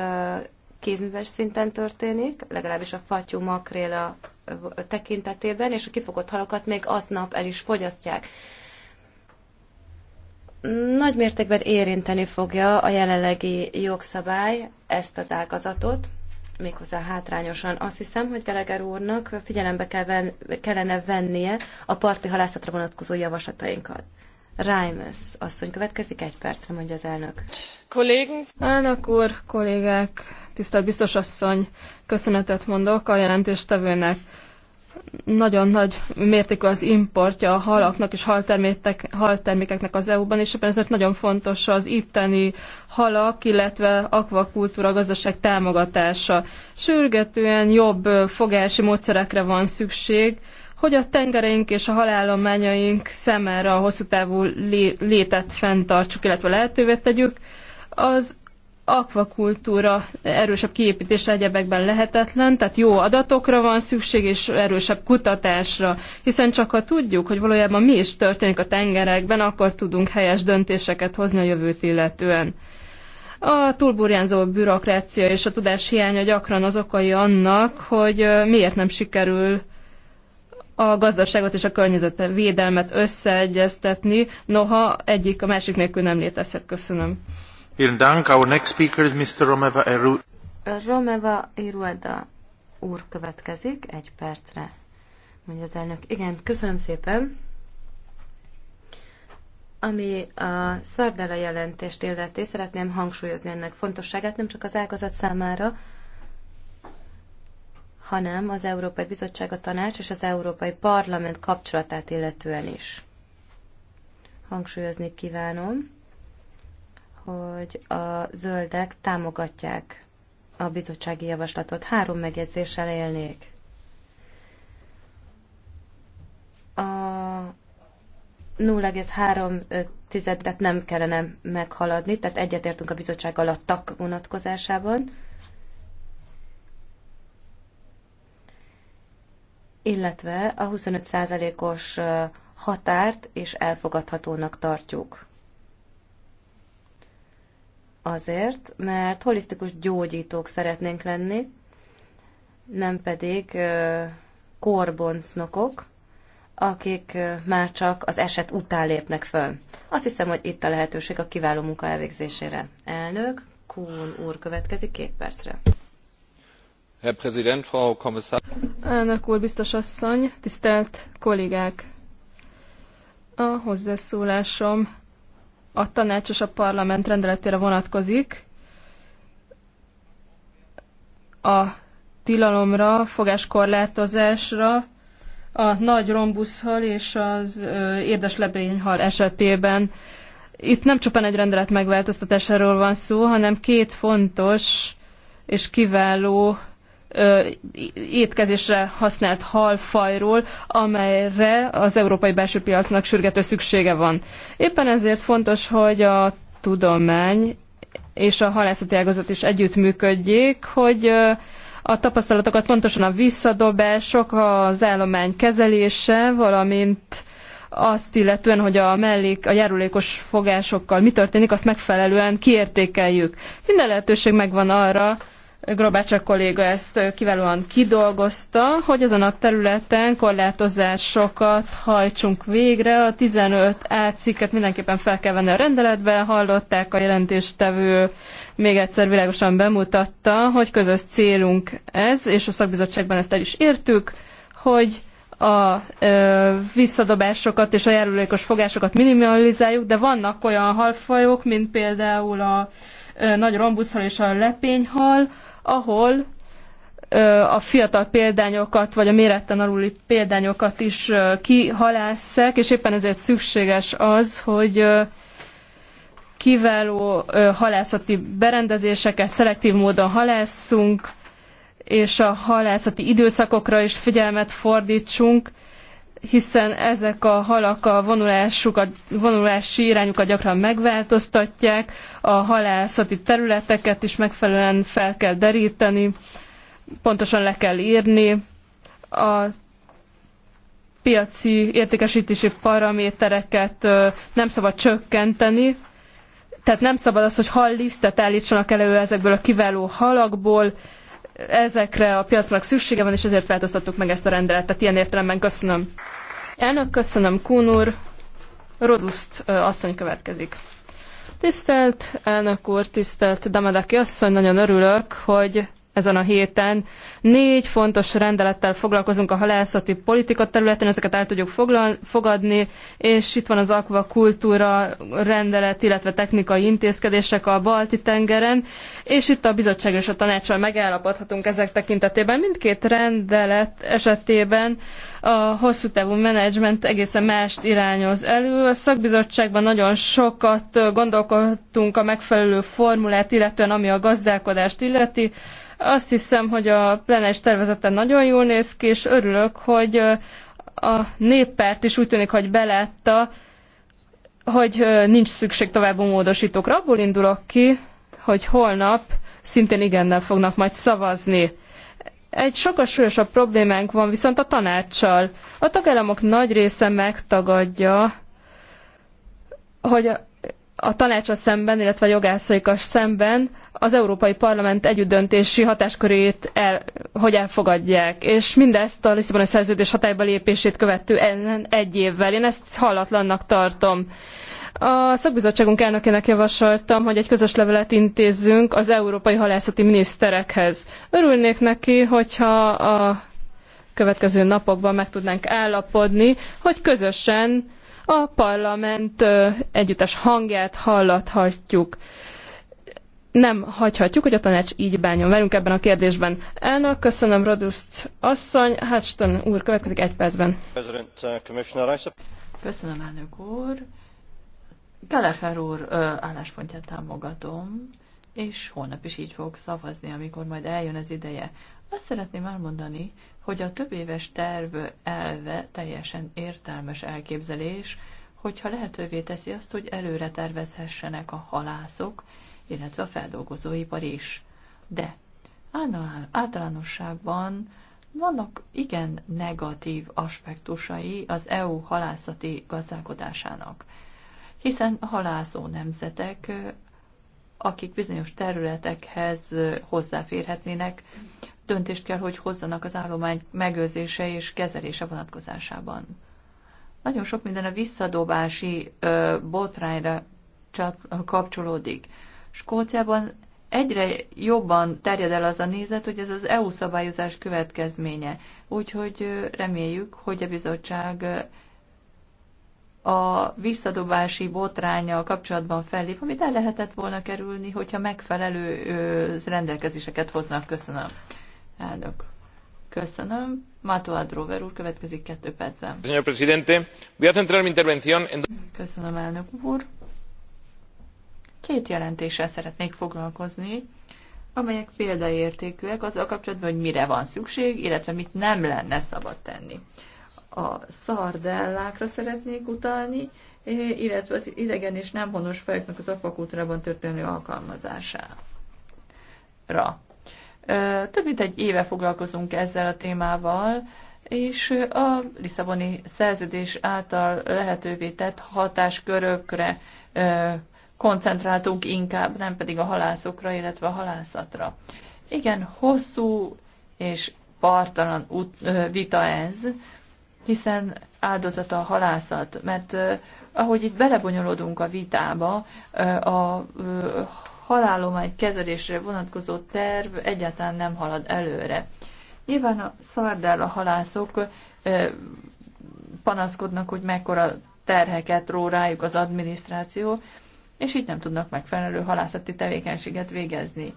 kézműves szinten történik, legalábbis a fatyú makréla tekintetében, és a kifogott halakat még aznap el is fogyasztják. Nagy mértékben érinteni fogja a jelenlegi jogszabály ezt az ágazatot, méghozzá hátrányosan. Azt hiszem, hogy Geleger úrnak figyelembe kell kellene vennie a parti halászatra vonatkozó javaslatainkat. Reimers asszony következik egy percre, mondja az elnök. Kollégen. Elnök úr, kollégák, tisztelt biztos asszony, köszönetet mondok a jelentéstevőnek. Nagyon nagy mértékű az importja a halaknak és haltermékeknek az EU-ban, és ebben ezért nagyon fontos az itteni halak, illetve akvakultúra gazdaság támogatása. Sürgetően jobb fogási módszerekre van szükség, hogy a tengereink és a halállományaink szemére a hosszú távú létet fenntartsuk, illetve lehetővé tegyük, az akvakultúra erősebb kiépítése egyebekben lehetetlen, tehát jó adatokra van szükség, és erősebb kutatásra, hiszen csak ha tudjuk, hogy valójában mi is történik a tengerekben, akkor tudunk helyes döntéseket hozni a jövőt illetően. A túlburjánzó bürokrácia és a tudás hiánya gyakran az okai annak, hogy miért nem sikerül a gazdaságot és a környezetet védelmet összeegyeztetni, noha egyik a másik nélkül nem létezhet. Köszönöm. Romeva Irueda úr következik egy percre, mondja az elnök. Igen, köszönöm szépen. Ami a szardella jelentést illeti, szeretném hangsúlyozni ennek fontosságát nem csak az ágazat számára, hanem az Európai Bizottság, a Tanács és az Európai Parlament kapcsolatát illetően is. Hangsúlyozni kívánom, hogy a zöldek támogatják a bizottsági javaslatot. Három megjegyzéssel élnék. A 03 tizedet nem kellene meghaladni, tehát egyetértünk a bizottság alattak vonatkozásában illetve a 25%-os határt és elfogadhatónak tartjuk. Azért, mert holisztikus gyógyítók szeretnénk lenni, nem pedig korbonsznokok, akik már csak az eset után lépnek föl. Azt hiszem, hogy itt a lehetőség a kiváló munka elvégzésére. Elnök, Kuhn úr következik két percre. Elnök úr, biztos asszony, tisztelt kollégák! A hozzászólásom a tanács és a parlament rendeletére vonatkozik. A tilalomra, fogáskorlátozásra, a nagy rombuszhal és az érdeslebényhal esetében. Itt nem csupán egy rendelet megváltoztatásáról van szó, hanem két fontos és kiváló étkezésre használt halfajról, amelyre az európai belső piacnak sürgető szüksége van. Éppen ezért fontos, hogy a tudomány és a halászati ágazat is együttműködjék, hogy a tapasztalatokat pontosan a visszadobások, az állomány kezelése, valamint azt illetően, hogy a mellék, a járulékos fogásokkal mi történik, azt megfelelően kiértékeljük. Minden lehetőség megvan arra, Grobácsa kolléga ezt kiválóan kidolgozta, hogy ezen a területen korlátozásokat hajtsunk végre. A 15 A cikket mindenképpen fel kell venni a rendeletbe, hallották a jelentéstevő, még egyszer világosan bemutatta, hogy közös célunk ez, és a szakbizottságban ezt el is értük, hogy a ö, visszadobásokat és a járulékos fogásokat minimalizáljuk, de vannak olyan halfajok, mint például a ö, nagy rombuszhal és a lepényhal, ahol a fiatal példányokat, vagy a méretten aluli példányokat is kihalásszák, és éppen ezért szükséges az, hogy kiváló halászati berendezéseket szelektív módon halásszunk, és a halászati időszakokra is figyelmet fordítsunk, hiszen ezek a halak a vonulásukat, vonulási irányukat gyakran megváltoztatják, a halászati területeket is megfelelően fel kell deríteni, pontosan le kell írni, a piaci értékesítési paramétereket nem szabad csökkenteni, tehát nem szabad az, hogy hal lisztet állítsanak elő ezekből a kiváló halakból, ezekre a piacnak szüksége van, és ezért változtattuk meg ezt a rendeletet. Ilyen értelemben köszönöm. Elnök, köszönöm, Kun úr. Roduszt asszony következik. Tisztelt elnök úr, tisztelt Damadaki asszony, nagyon örülök, hogy ezen a héten. Négy fontos rendelettel foglalkozunk a halászati politika területén, ezeket el tudjuk foglal, fogadni, és itt van az akvakultúra rendelet, illetve technikai intézkedések a balti tengeren, és itt a bizottság és a tanácssal megállapodhatunk ezek tekintetében. Mindkét rendelet esetében a hosszú távú menedzsment egészen mást irányoz elő. A szakbizottságban nagyon sokat gondolkodtunk a megfelelő formulát, illetően ami a gazdálkodást illeti, azt hiszem, hogy a plenes tervezete nagyon jól néz ki, és örülök, hogy a néppárt is úgy tűnik, hogy belátta, hogy nincs szükség további módosítókra. Abból indulok ki, hogy holnap szintén igennel fognak majd szavazni. Egy sokkal súlyosabb problémánk van viszont a tanácssal. A tagállamok nagy része megtagadja, hogy a tanácsa szemben, illetve a jogászaikkal szemben az Európai Parlament együttdöntési hatáskörét el, hogy elfogadják, és mindezt a Lisszaboni szerződés hatályba lépését követő ellen egy évvel. Én ezt hallatlannak tartom. A szakbizottságunk elnökének javasoltam, hogy egy közös levelet intézzünk az európai halászati miniszterekhez. Örülnék neki, hogyha a következő napokban meg tudnánk állapodni, hogy közösen a parlament együttes hangját hallathatjuk nem hagyhatjuk, hogy a tanács így bánjon velünk ebben a kérdésben. Elnök, köszönöm Roduszt asszony, Hatchton úr következik egy percben. Uh, köszönöm, elnök úr. Kelefer úr álláspontját támogatom, és holnap is így fogok szavazni, amikor majd eljön az ideje. Azt szeretném elmondani, hogy a több éves terv elve teljesen értelmes elképzelés, hogyha lehetővé teszi azt, hogy előre tervezhessenek a halászok, illetve a feldolgozóipar is. De általánosságban vannak igen negatív aspektusai az EU halászati gazdálkodásának, hiszen a halászó nemzetek, akik bizonyos területekhez hozzáférhetnének, döntést kell, hogy hozzanak az állomány megőrzése és kezelése vonatkozásában. Nagyon sok minden a visszadobási botrányra kapcsolódik. Skóciában egyre jobban terjed el az a nézet, hogy ez az EU szabályozás következménye. Úgyhogy reméljük, hogy a bizottság a visszadobási botrányjal kapcsolatban fellép, amit el lehetett volna kerülni, hogyha megfelelő rendelkezéseket hoznak. Köszönöm. Elnök. Köszönöm. Mato Adrover úr következik kettő percben. Köszönöm, elnök úr Két jelentéssel szeretnék foglalkozni, amelyek példaértékűek azzal kapcsolatban, hogy mire van szükség, illetve mit nem lenne szabad tenni. A szardellákra szeretnék utalni, eh, illetve az idegen és nem honos fajoknak az apakultúrában történő alkalmazására. Eh, több mint egy éve foglalkozunk ezzel a témával, és a Lisszaboni szerződés által lehetővé tett hatáskörökre eh, koncentráltunk inkább, nem pedig a halászokra, illetve a halászatra. Igen, hosszú és partalan út, vita ez, hiszen áldozata a halászat, mert ahogy itt belebonyolodunk a vitába, a halálomány kezelésre vonatkozó terv egyáltalán nem halad előre. Nyilván a a halászok panaszkodnak, hogy mekkora terheket ró rájuk az adminisztráció, és így nem tudnak megfelelő halászati tevékenységet végezni.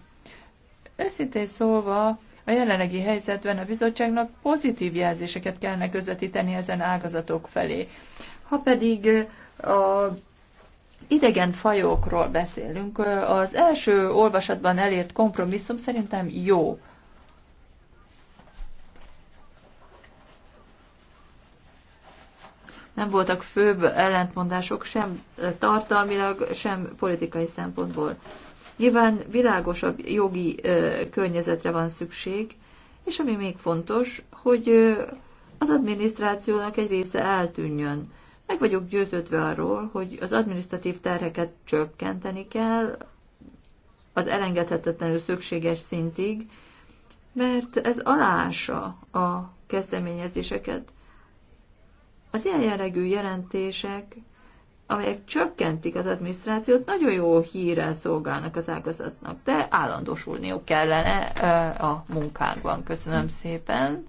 Őszintén szólva, a jelenlegi helyzetben a bizottságnak pozitív jelzéseket kellene közvetíteni ezen ágazatok felé. Ha pedig a idegen fajokról beszélünk, az első olvasatban elért kompromisszum szerintem jó. nem voltak főbb ellentmondások sem tartalmilag, sem politikai szempontból. Nyilván világosabb jogi környezetre van szükség, és ami még fontos, hogy az adminisztrációnak egy része eltűnjön. Meg vagyok győződve arról, hogy az adminisztratív terheket csökkenteni kell az elengedhetetlenül szükséges szintig, mert ez alása a kezdeményezéseket. Az ilyen jellegű jelentések, amelyek csökkentik az adminisztrációt, nagyon jó hírrel szolgálnak az ágazatnak, de állandósulniuk kellene a munkánkban. Köszönöm szépen.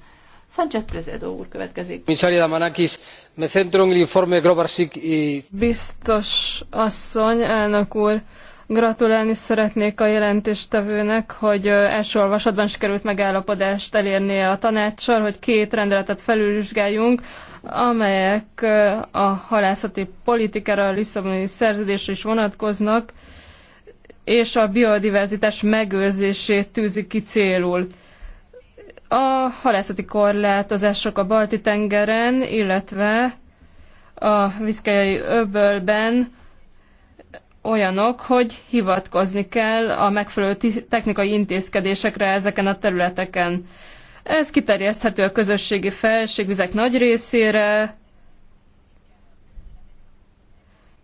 Sánchez Prezedo úr következik. Comisaria Manakis, me centro en el informe Grobarczyk Biztos asszony, elnök úr, Gratulálni szeretnék a jelentéstevőnek, hogy első olvasatban sikerült megállapodást elérnie a tanácssal, hogy két rendeletet felülvizsgáljunk, amelyek a halászati politikára, a Lisszaboni szerződésre is vonatkoznak, és a biodiverzitás megőrzését tűzi ki célul. A halászati korlátozások a Balti-tengeren, illetve a Viszkajai öbölben olyanok, hogy hivatkozni kell a megfelelő technikai intézkedésekre ezeken a területeken. Ez kiterjeszthető a közösségi felségvizek nagy részére,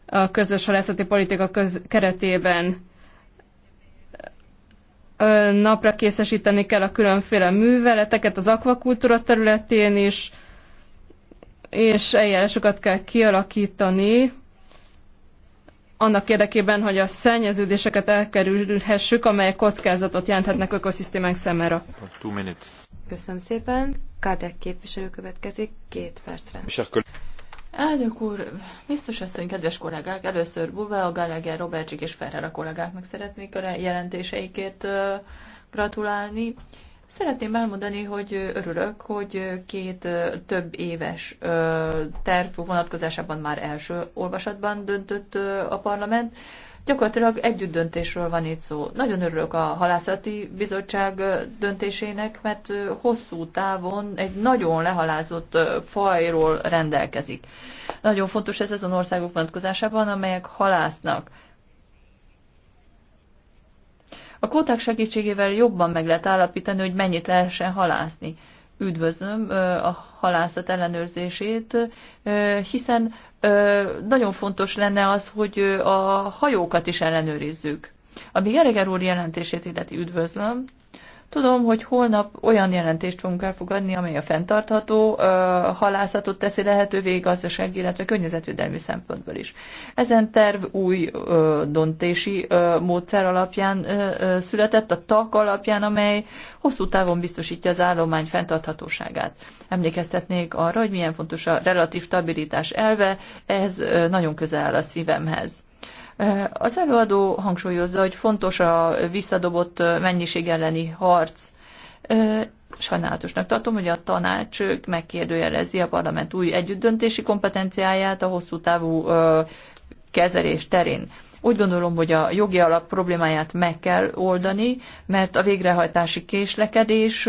a közös halászati politika köz- keretében napra készesíteni kell a különféle műveleteket az akvakultúra területén is, és eljárásokat kell kialakítani, annak érdekében, hogy a szennyeződéseket elkerülhessük, amelyek kockázatot jelenthetnek ökoszisztémánk számára. Köszönöm szépen. Kádek képviselő következik két percre. Elnök úr, biztos asszony, kedves kollégák, először a Gallagher, Robertsik és Ferrer a kollégáknak szeretnék a jelentéseikért gratulálni, Szeretném elmondani, hogy örülök, hogy két több éves terv vonatkozásában már első olvasatban döntött a parlament. Gyakorlatilag együtt döntésről van itt szó. Nagyon örülök a halászati bizottság döntésének, mert hosszú távon egy nagyon lehalázott fajról rendelkezik. Nagyon fontos ez azon országok vonatkozásában, amelyek halásznak. A kvóták segítségével jobban meg lehet állapítani, hogy mennyit lehessen halászni. Üdvözlöm a halászat ellenőrzését, hiszen nagyon fontos lenne az, hogy a hajókat is ellenőrizzük. A Bigereger úr jelentését illeti üdvözlöm, Tudom, hogy holnap olyan jelentést fogunk elfogadni, amely a fenntartható ö, halászatot teszi lehetővé gazdaság, illetve környezetvédelmi szempontból is. Ezen terv új ö, döntési ö, módszer alapján ö, ö, született, a TAK alapján, amely hosszú távon biztosítja az állomány fenntarthatóságát. Emlékeztetnék arra, hogy milyen fontos a relatív stabilitás elve, ez ö, nagyon közel áll a szívemhez. Az előadó hangsúlyozza, hogy fontos a visszadobott mennyiség elleni harc. Sajnálatosnak tartom, hogy a tanács megkérdőjelezi a parlament új együttdöntési kompetenciáját a hosszú távú kezelés terén. Úgy gondolom, hogy a jogi alap problémáját meg kell oldani, mert a végrehajtási késlekedés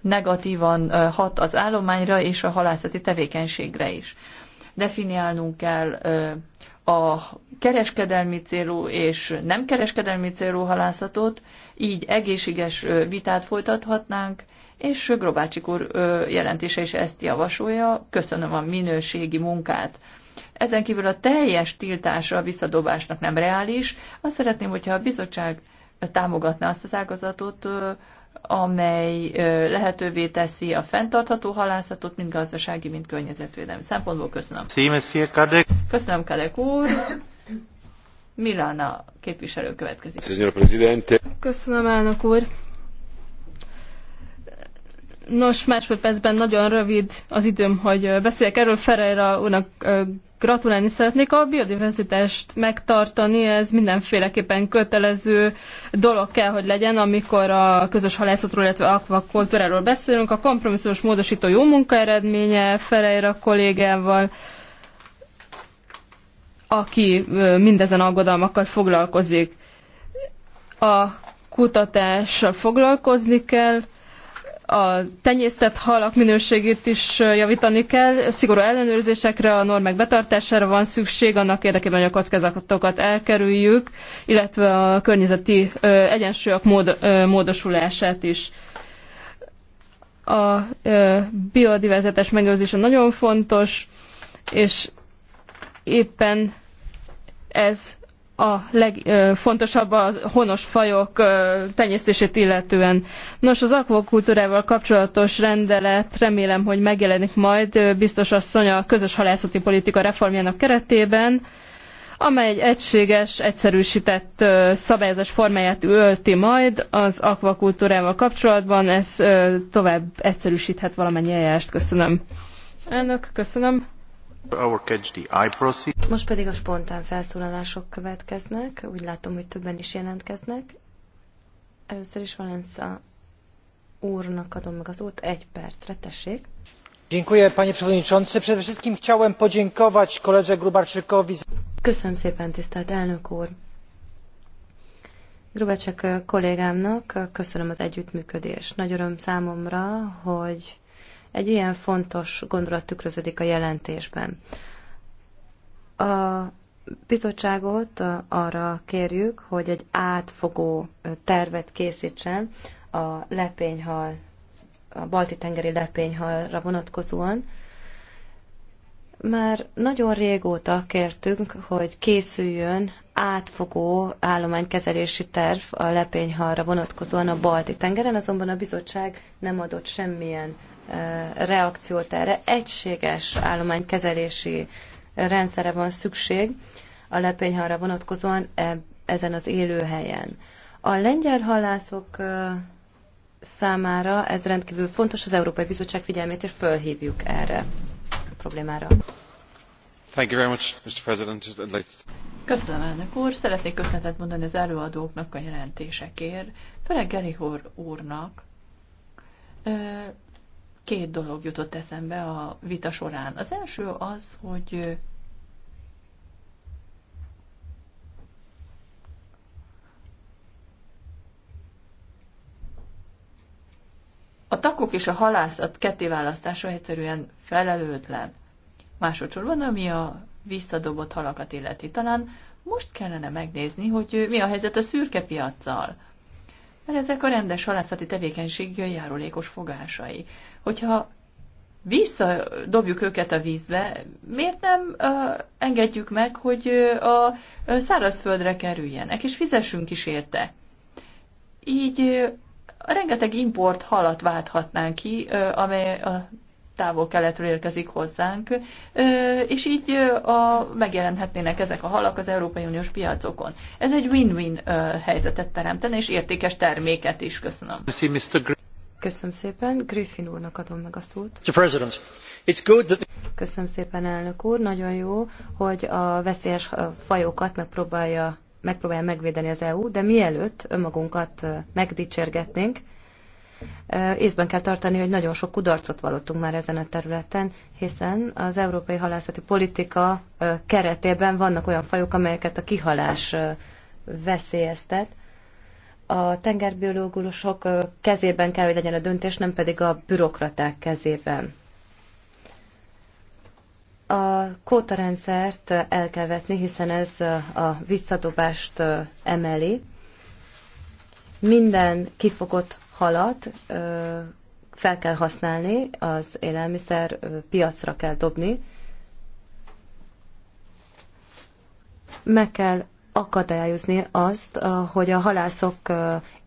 negatívan hat az állományra és a halászati tevékenységre is. Definiálnunk kell a kereskedelmi célú és nem kereskedelmi célú halászatot, így egészséges vitát folytathatnánk, és Grobácsik úr jelentése is ezt javasolja. Köszönöm a minőségi munkát. Ezen kívül a teljes tiltása a visszadobásnak nem reális. Azt szeretném, hogyha a bizottság támogatná azt az ágazatot, amely lehetővé teszi a fenntartható halászatot, mind gazdasági, mind környezetvédelmi szempontból. Köszönöm. Köszönöm, Kadek úr. Milana képviselő következik. Köszönöm, elnök úr. Nos, másodpercben nagyon rövid az időm, hogy beszéljek erről. Ferreira úrnak gratulálni szeretnék. A biodiverzitást megtartani, ez mindenféleképpen kötelező dolog kell, hogy legyen, amikor a közös halászatról, illetve akvakultúráról beszélünk. A kompromisszumos módosító jó munka eredménye Ferreira kollégával aki mindezen aggodalmakkal foglalkozik. A kutatással foglalkozni kell, a tenyésztett halak minőségét is javítani kell, szigorú ellenőrzésekre, a normák betartására van szükség, annak érdekében, hogy a kockázatokat elkerüljük, illetve a környezeti egyensúlyok mód, módosulását is. A biodiverzitás megőrzése nagyon fontos, és éppen ez a legfontosabb a honos fajok tenyésztését illetően. Nos, az akvakultúrával kapcsolatos rendelet remélem, hogy megjelenik majd biztos asszony a közös halászati politika reformjának keretében, amely egy egységes, egyszerűsített szabályozás formáját ölti majd az akvakultúrával kapcsolatban. Ez tovább egyszerűsíthet valamennyi eljárást. Köszönöm. Elnök, köszönöm. Most pedig a spontán felszólalások következnek. Úgy látom, hogy többen is jelentkeznek. Először is Valenza úrnak adom meg az út. Egy percre, tessék. Dziękuję, panie przewodniczący. Przede wszystkim chciałem podziękować koledze Grubarczykowi. Köszönöm szépen, tisztelt elnök úr. Grubarczyk kollégámnak köszönöm az együttműködést. Nagy öröm számomra, hogy egy ilyen fontos gondolat tükröződik a jelentésben. A bizottságot arra kérjük, hogy egy átfogó tervet készítsen a lepényhal, a balti-tengeri lepényhalra vonatkozóan, már nagyon régóta kértünk, hogy készüljön átfogó állománykezelési terv a lepényhalra vonatkozóan a Balti tengeren, azonban a bizottság nem adott semmilyen reakciót erre. Egységes állománykezelési rendszere van szükség a lepényhalra vonatkozóan e, ezen az élőhelyen. A lengyel halászok számára ez rendkívül fontos, az Európai Bizottság figyelmét és fölhívjuk erre a problémára. Thank you very much, Mr. President. Köszönöm, elnök úr. Szeretnék köszönetet mondani az előadóknak a jelentésekért, főleg Gerihor úrnak két dolog jutott eszembe a vita során. Az első az, hogy a takok és a halászat kettéválasztása egyszerűen felelőtlen. Másodszorban, ami a visszadobott halakat illeti, talán most kellene megnézni, hogy mi a helyzet a szürke piaccal mert ezek a rendes halászati tevékenység járulékos fogásai. Hogyha visszadobjuk őket a vízbe, miért nem ö, engedjük meg, hogy ö, a ö, szárazföldre kerüljenek, és fizessünk is érte? Így ö, rengeteg import halat válthatnánk ki, ö, amely a távol-keletről érkezik hozzánk, és így a, megjelenhetnének ezek a halak az Európai Uniós piacokon. Ez egy win-win helyzetet teremtene, és értékes terméket is. Köszönöm. Köszönöm szépen. Griffin úrnak adom meg a szót. Köszönöm szépen, elnök úr. Nagyon jó, hogy a veszélyes fajokat megpróbálja megpróbálja megvédeni az EU, de mielőtt önmagunkat megdicsergetnénk, észben kell tartani, hogy nagyon sok kudarcot vallottunk már ezen a területen, hiszen az európai halászati politika keretében vannak olyan fajok, amelyeket a kihalás veszélyeztet. A tengerbiológusok kezében kell, hogy legyen a döntés, nem pedig a bürokraták kezében. A kótarendszert el kell vetni, hiszen ez a visszadobást emeli. Minden kifogott halat fel kell használni, az élelmiszer piacra kell dobni, meg kell akadályozni azt, hogy a halászok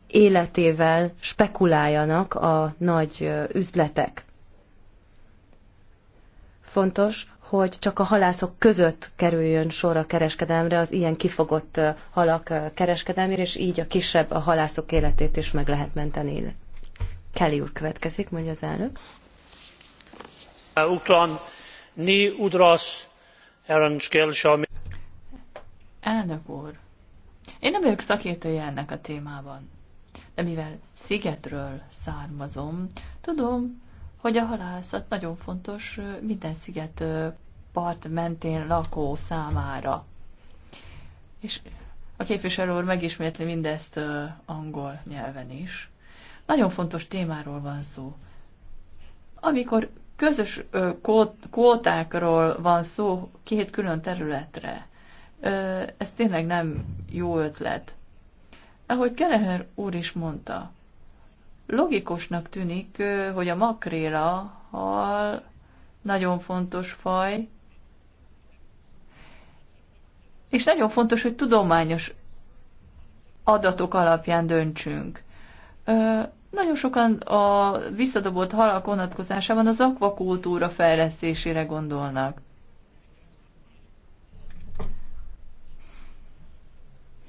életével spekuláljanak a nagy üzletek. Fontos, hogy csak a halászok között kerüljön sor a kereskedelemre az ilyen kifogott halak kereskedelmére, és így a kisebb a halászok életét is meg lehet menteni. Kelly úr következik, mondja az elnök. Elnök úr, én nem vagyok szakértője ennek a témában, de mivel szigetről származom, tudom, hogy a halászat nagyon fontos minden sziget part mentén lakó számára. És a képviselő úr megismétli mindezt angol nyelven is. Nagyon fontos témáról van szó. Amikor közös ö, kótákról van szó két külön területre, ez tényleg nem jó ötlet. Ahogy Keleher úr is mondta, logikusnak tűnik, hogy a makréla hal nagyon fontos faj, és nagyon fontos, hogy tudományos adatok alapján döntsünk. Ö, nagyon sokan a visszadobott halak vonatkozásában az akvakultúra fejlesztésére gondolnak.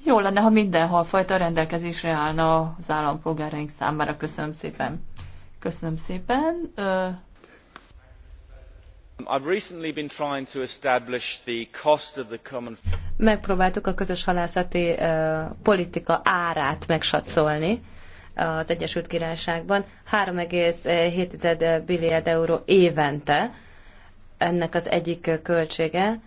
Jó lenne, ha minden halfajta rendelkezésre állna az állampolgáraink számára. Köszönöm szépen. Köszönöm szépen. Ö, Megpróbáltuk a közös halászati politika árát megsatszolni az Egyesült Királyságban. 3,7 billiárd euró évente ennek az egyik költsége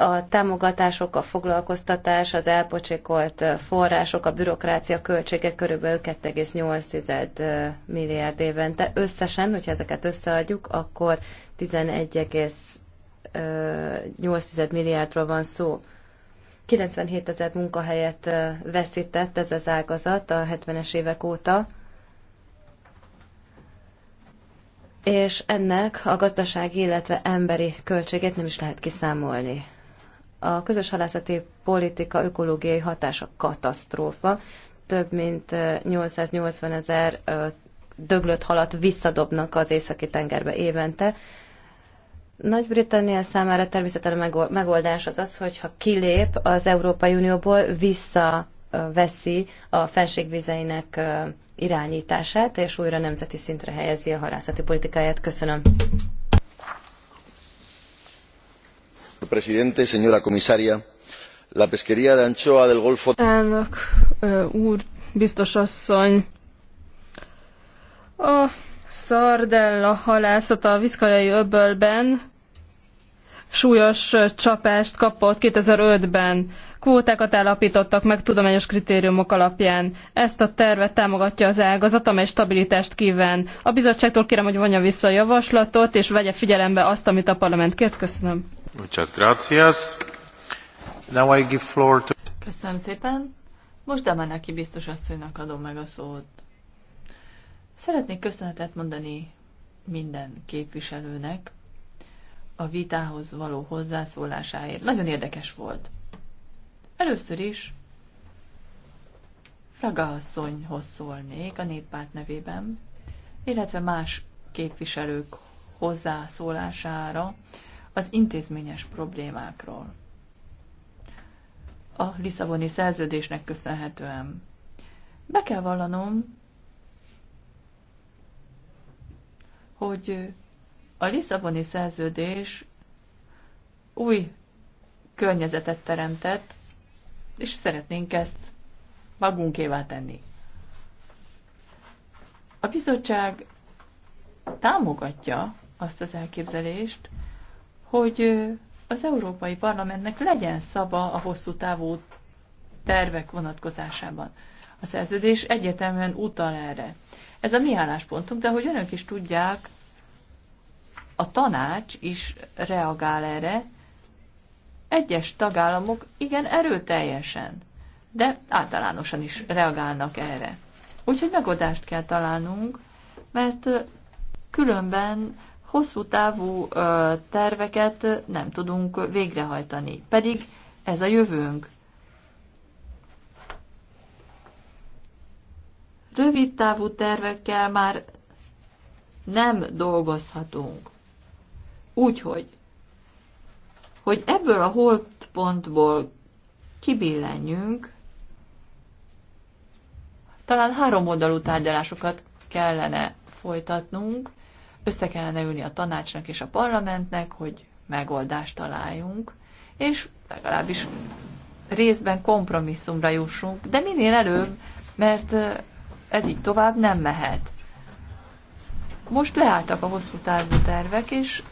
a támogatások, a foglalkoztatás, az elpocsékolt források, a bürokrácia költsége körülbelül 2,8 milliárd évente. Összesen, hogyha ezeket összeadjuk, akkor 11,8 milliárdról van szó. 97 ezer munkahelyet veszített ez az ágazat a 70-es évek óta, és ennek a gazdasági, illetve emberi költségét nem is lehet kiszámolni. A közös halászati politika ökológiai hatása katasztrófa. Több mint 880 ezer döglött halat visszadobnak az északi tengerbe évente. Nagy-Britannia számára természetesen a megoldás az az, hogyha kilép az Európai Unióból, visszaveszi a fenségvizeinek irányítását, és újra nemzeti szintre helyezi a halászati politikáját. Köszönöm señor presidente señora comisaria la pesquería de anchoa del golfo. elnök úr biztos asszony a szardella halászata a viszkajai öbölben súlyos csapást kapott 2005-ben. Kvótákat állapítottak meg tudományos kritériumok alapján. Ezt a tervet támogatja az ágazat, amely stabilitást kíván. A bizottságtól kérem, hogy vonja vissza a javaslatot, és vegye figyelembe azt, amit a parlament kért. Köszönöm. Köszönöm szépen. Most Damanaki biztos asszonynak adom meg a szót. Szeretnék köszönetet mondani minden képviselőnek a vitához való hozzászólásáért. Nagyon érdekes volt. Először is Fraga asszonyhoz szólnék a néppárt nevében, illetve más képviselők hozzászólására, az intézményes problémákról. A Lisszaboni szerződésnek köszönhetően. Be kell vallanom, hogy a Lisszaboni szerződés új környezetet teremtett, és szeretnénk ezt magunkévá tenni. A bizottság támogatja azt az elképzelést, hogy az Európai Parlamentnek legyen szava a hosszú távú tervek vonatkozásában. A szerződés egyetemen utal erre. Ez a mi álláspontunk, de hogy önök is tudják, a tanács is reagál erre. Egyes tagállamok igen erőteljesen, de általánosan is reagálnak erre. Úgyhogy megoldást kell találnunk, mert különben hosszú távú terveket nem tudunk végrehajtani. Pedig ez a jövőnk. Rövid távú tervekkel már nem dolgozhatunk. Úgyhogy, hogy ebből a holtpontból kibillenjünk, talán három oldalú tárgyalásokat kellene folytatnunk, össze kellene ülni a tanácsnak és a parlamentnek, hogy megoldást találjunk, és legalábbis részben kompromisszumra jussunk, de minél előbb, mert ez így tovább nem mehet. Most leálltak a hosszú távú tervek, és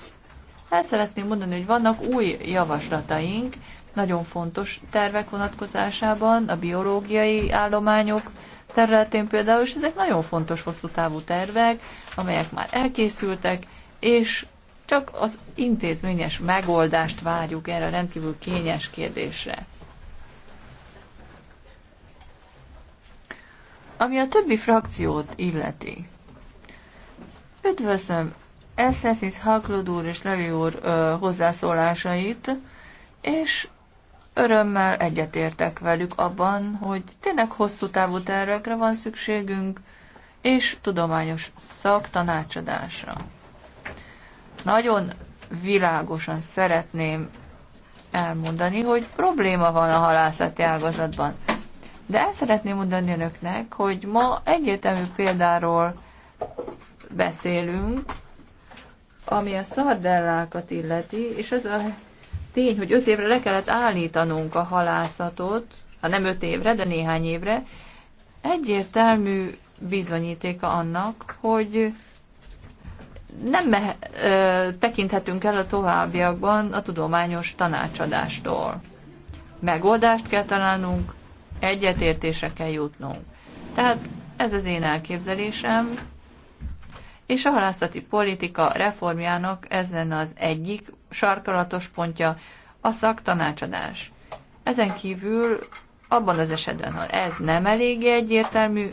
el szeretném mondani, hogy vannak új javaslataink, nagyon fontos tervek vonatkozásában, a biológiai állományok területén például, és ezek nagyon fontos hosszú távú tervek, amelyek már elkészültek, és csak az intézményes megoldást várjuk erre a rendkívül kényes kérdésre. Ami a többi frakciót illeti. Üdvözlöm Eszeszisz Haklod úr és Levi úr ö, hozzászólásait, és örömmel egyetértek velük abban, hogy tényleg hosszú távú tervekre van szükségünk, és tudományos szaktanácsadásra. Nagyon világosan szeretném elmondani, hogy probléma van a halászati ágazatban. De el szeretném mondani önöknek, hogy ma egyértelmű példáról beszélünk, ami a szardellákat illeti, és ez a tény, hogy öt évre le kellett állítanunk a halászatot, ha nem öt évre, de néhány évre, egyértelmű bizonyítéka annak, hogy nem me- ö, tekinthetünk el a továbbiakban a tudományos tanácsadástól. Megoldást kell találnunk, egyetértésre kell jutnunk. Tehát ez az én elképzelésem, és a halászati politika reformjának ez lenne az egyik sarkalatos pontja a szaktanácsadás. Ezen kívül abban az esetben, ha ez nem eléggé egyértelmű,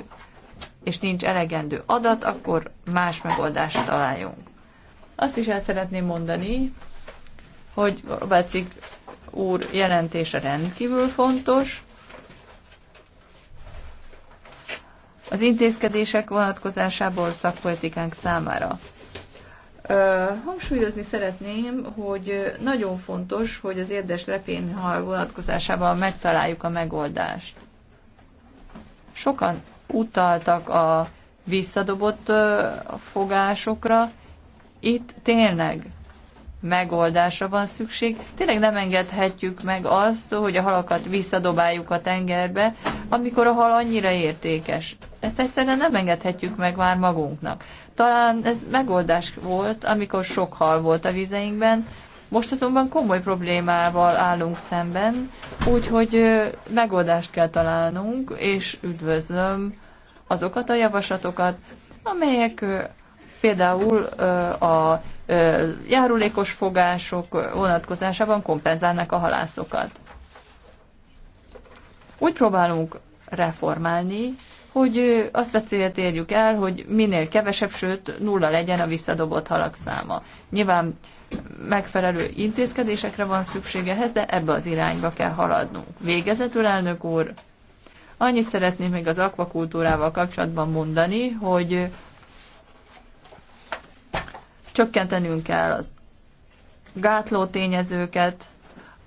és nincs elegendő adat, akkor más megoldást találjunk. Azt is el szeretném mondani, hogy a úr jelentése rendkívül fontos. Az intézkedések vonatkozásából szakpolitikánk számára. Hangsúlyozni szeretném, hogy nagyon fontos, hogy az érdes lepénhal vonatkozásában megtaláljuk a megoldást. Sokan utaltak a visszadobott fogásokra. Itt tényleg megoldásra van szükség. Tényleg nem engedhetjük meg azt, hogy a halakat visszadobáljuk a tengerbe, amikor a hal annyira értékes. Ezt egyszerűen nem engedhetjük meg már magunknak talán ez megoldás volt, amikor sok hal volt a vizeinkben, most azonban komoly problémával állunk szemben, úgyhogy megoldást kell találnunk, és üdvözlöm azokat a javaslatokat, amelyek például a járulékos fogások vonatkozásában kompenzálnak a halászokat. Úgy próbálunk reformálni, hogy azt a célt érjük el, hogy minél kevesebb, sőt nulla legyen a visszadobott halak száma. Nyilván megfelelő intézkedésekre van szükség ehhez, de ebbe az irányba kell haladnunk. Végezetül, elnök úr, annyit szeretném még az akvakultúrával kapcsolatban mondani, hogy csökkentenünk kell az gátló tényezőket,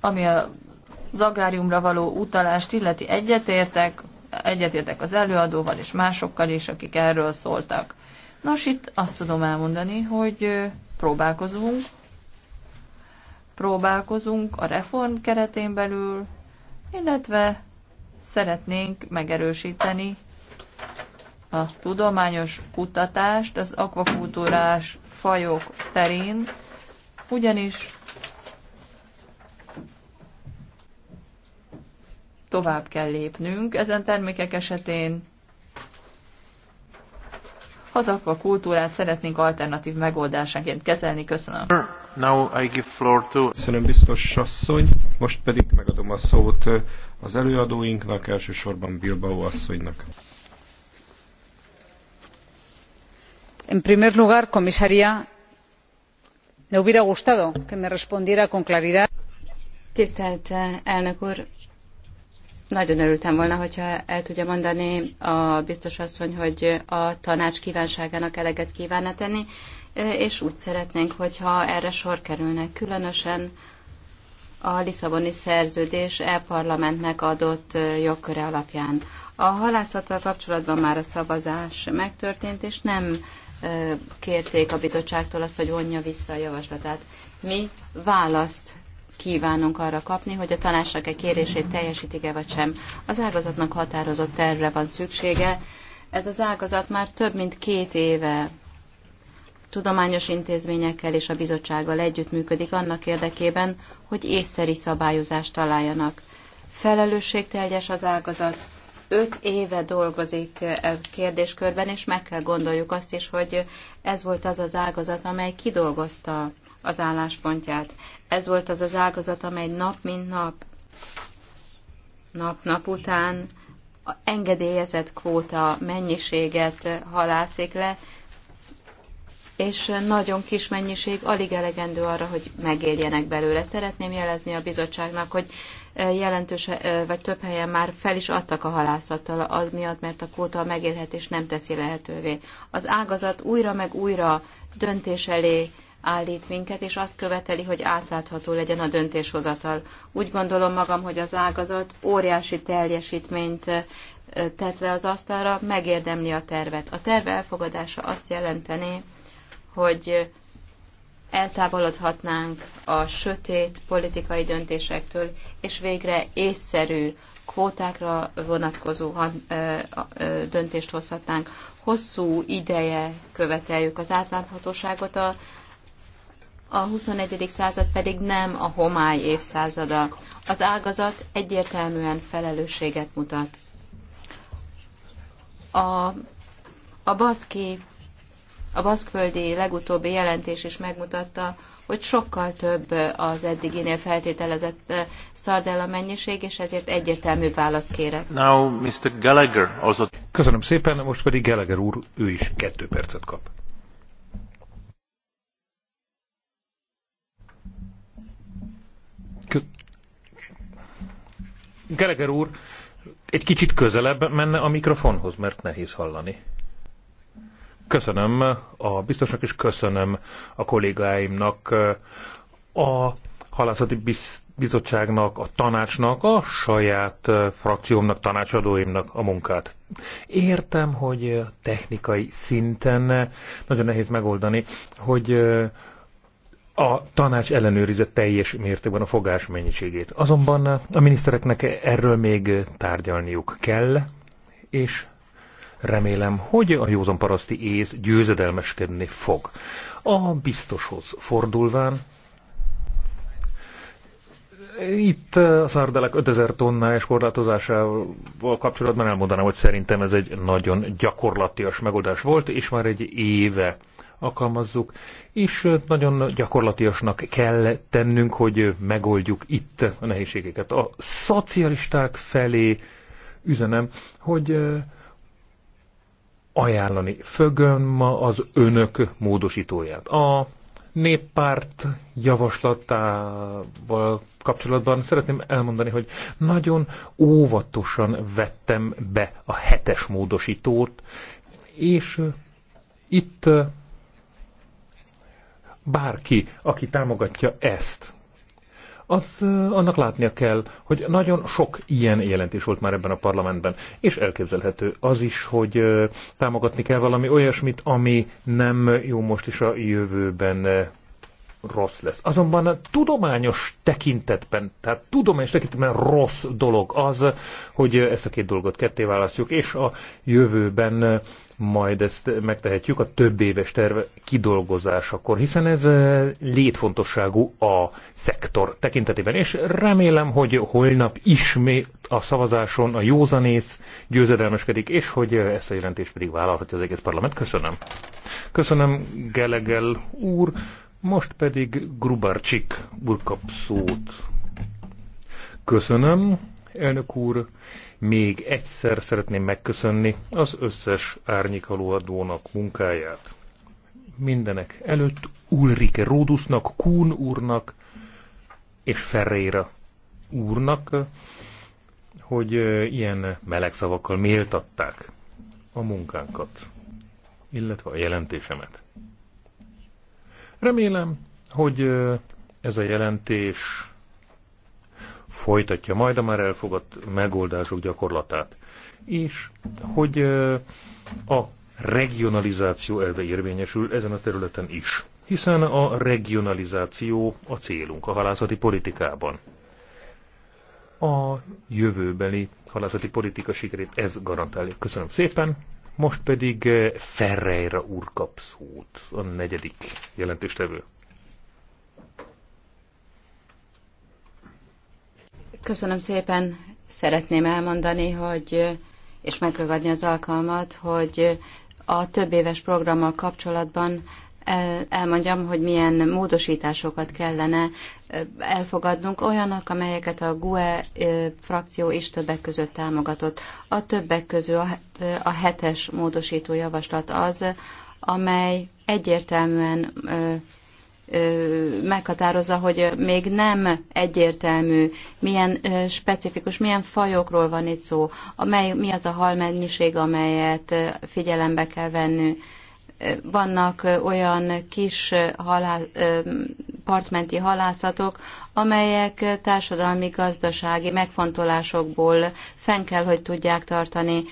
ami az agráriumra való utalást illeti egyetértek, egyetértek az előadóval és másokkal is, akik erről szóltak. Nos, itt azt tudom elmondani, hogy próbálkozunk, próbálkozunk a reform keretén belül, illetve szeretnénk megerősíteni a tudományos kutatást az akvakultúrás fajok terén, ugyanis tovább kell lépnünk ezen termékek esetén, az akvakultúrát szeretnénk alternatív megoldásaként kezelni. Köszönöm. Now I give floor to... Köszönöm biztos asszony, most pedig megadom a szót az előadóinknak, elsősorban Bilbao asszonynak. En primer lugar, comisaria, me hubiera gustado que me respondiera con claridad. Tisztelt elnök úr, nagyon örültem volna, hogyha el tudja mondani a biztos asszony, hogy a tanács kívánságának eleget kívánna tenni, és úgy szeretnénk, hogyha erre sor kerülnek, különösen a Lisszaboni szerződés e-parlamentnek adott jogköre alapján. A halászattal kapcsolatban már a szavazás megtörtént, és nem kérték a bizottságtól azt, hogy vonja vissza a javaslatát. Mi választ kívánunk arra kapni, hogy a tanácsnak-e kérését teljesítik-e vagy sem. Az ágazatnak határozott tervre van szüksége. Ez az ágazat már több mint két éve tudományos intézményekkel és a bizottsággal együttműködik annak érdekében, hogy észszeri szabályozást találjanak. Felelősségteljes az ágazat, öt éve dolgozik e kérdéskörben, és meg kell gondoljuk azt is, hogy ez volt az az ágazat, amely kidolgozta az álláspontját. Ez volt az az ágazat, amely nap mint nap, nap-nap után engedélyezett kvóta mennyiséget halászik le, és nagyon kis mennyiség, alig elegendő arra, hogy megéljenek belőle. Szeretném jelezni a bizottságnak, hogy jelentős, eh, vagy több helyen már fel is adtak a halászattal az miatt, mert a kóta a megélhetés nem teszi lehetővé. Az ágazat újra meg újra döntés elé állít minket, és azt követeli, hogy átlátható legyen a döntéshozatal. Úgy gondolom magam, hogy az ágazat óriási teljesítményt eh, tett le az asztalra, megérdemli a tervet. A terve elfogadása azt jelenteni, hogy eltávolodhatnánk a sötét politikai döntésektől, és végre észszerű kvótákra vonatkozó döntést hozhatnánk. Hosszú ideje követeljük az átláthatóságot, a, a 21. század pedig nem a homály évszázada. Az ágazat egyértelműen felelősséget mutat. A, a baszki a baszkföldi legutóbbi jelentés is megmutatta, hogy sokkal több az eddiginél feltételezett eh, szardella mennyiség, és ezért egyértelmű választ kérek. Now, Mr. Gallagher also... Köszönöm szépen, most pedig Gallagher úr, ő is kettő percet kap. Kö... Gallagher úr, egy kicsit közelebb menne a mikrofonhoz, mert nehéz hallani. Köszönöm a biztosnak, és köszönöm a kollégáimnak, a halászati bizottságnak, a tanácsnak, a saját frakciómnak, tanácsadóimnak a munkát. Értem, hogy technikai szinten nagyon nehéz megoldani, hogy a tanács ellenőrizett teljes mértékben a fogás mennyiségét. Azonban a minisztereknek erről még tárgyalniuk kell, és Remélem, hogy a józan paraszti éz győzedelmeskedni fog. A biztoshoz fordulván, itt a szárdelek 5000 tonnás korlátozásával kapcsolatban elmondanám, hogy szerintem ez egy nagyon gyakorlatias megoldás volt, és már egy éve alkalmazzuk, és nagyon gyakorlatiasnak kell tennünk, hogy megoldjuk itt a nehézségeket. A szocialisták felé üzenem, hogy ajánlani fögön ma az önök módosítóját. A néppárt javaslatával kapcsolatban szeretném elmondani, hogy nagyon óvatosan vettem be a hetes módosítót, és itt bárki, aki támogatja ezt, az annak látnia kell, hogy nagyon sok ilyen jelentés volt már ebben a parlamentben, és elképzelhető az is, hogy támogatni kell valami olyasmit, ami nem jó most is a jövőben rossz lesz. Azonban a tudományos tekintetben, tehát tudományos tekintetben rossz dolog az, hogy ezt a két dolgot ketté választjuk, és a jövőben majd ezt megtehetjük a több éves terve kidolgozásakor, hiszen ez létfontosságú a szektor tekintetében, és remélem, hogy holnap ismét a szavazáson a józanész győzedelmeskedik, és hogy ezt a jelentést pedig vállalhatja az egész parlament. Köszönöm. Köszönöm, Gelegel úr. Most pedig Grubarcsik úr kap szót. Köszönöm, elnök úr. Még egyszer szeretném megköszönni az összes árnyékalóadónak munkáját. Mindenek előtt Ulrike Ródusznak, Kuhn úrnak és Ferreira úrnak, hogy ilyen meleg szavakkal méltatták a munkánkat, illetve a jelentésemet. Remélem, hogy ez a jelentés folytatja majd a már elfogadt megoldások gyakorlatát, és hogy a regionalizáció elve érvényesül ezen a területen is, hiszen a regionalizáció a célunk a halászati politikában. A jövőbeli halászati politika sikerét ez garantálja. Köszönöm szépen! Most pedig eh, Ferreira úr kap szót, a negyedik jelentéstevő. Köszönöm szépen. Szeretném elmondani, hogy eh, és megragadni az alkalmat, hogy eh, a több éves programmal kapcsolatban elmondjam, hogy milyen módosításokat kellene elfogadnunk, olyanok, amelyeket a GUE frakció is többek között támogatott. A többek közül a hetes módosító javaslat az, amely egyértelműen meghatározza, hogy még nem egyértelmű, milyen specifikus, milyen fajokról van itt szó, amely, mi az a halmennyiség, amelyet figyelembe kell vennünk vannak olyan kis halá, partmenti halászatok, amelyek társadalmi, gazdasági megfontolásokból fenn kell, hogy tudják tartani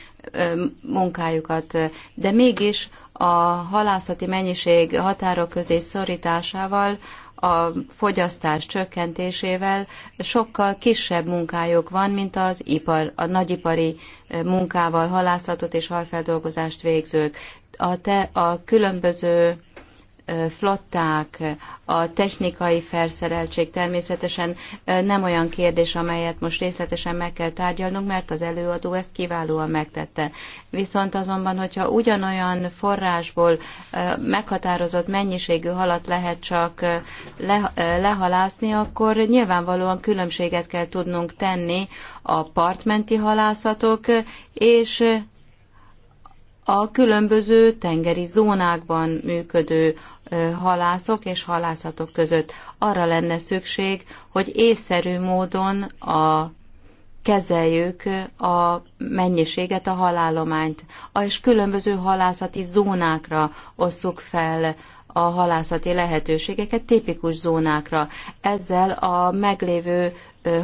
munkájukat. De mégis a halászati mennyiség határok közé szorításával a fogyasztás csökkentésével sokkal kisebb munkájuk van, mint az ipar, a nagyipari munkával halászatot és halfeldolgozást végzők a, te, a különböző flották, a technikai felszereltség természetesen nem olyan kérdés, amelyet most részletesen meg kell tárgyalnunk, mert az előadó ezt kiválóan megtette. Viszont azonban, hogyha ugyanolyan forrásból meghatározott mennyiségű halat lehet csak lehalászni, akkor nyilvánvalóan különbséget kell tudnunk tenni a partmenti halászatok és a különböző tengeri zónákban működő halászok és halászatok között. Arra lenne szükség, hogy észszerű módon a kezeljük a mennyiséget, a halállományt, és különböző halászati zónákra osszuk fel a halászati lehetőségeket tipikus zónákra. Ezzel a meglévő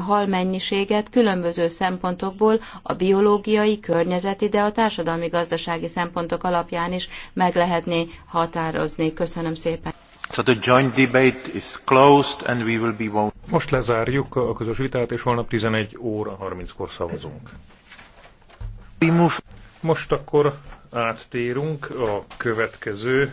halmennyiséget különböző szempontokból, a biológiai, környezeti, de a társadalmi-gazdasági szempontok alapján is meg lehetné határozni. Köszönöm szépen. So the joint debate is closed and we will be voting. Most lezárjuk a közös vitát, és holnap 11 óra 30-kor szavazunk. Most akkor áttérünk a következő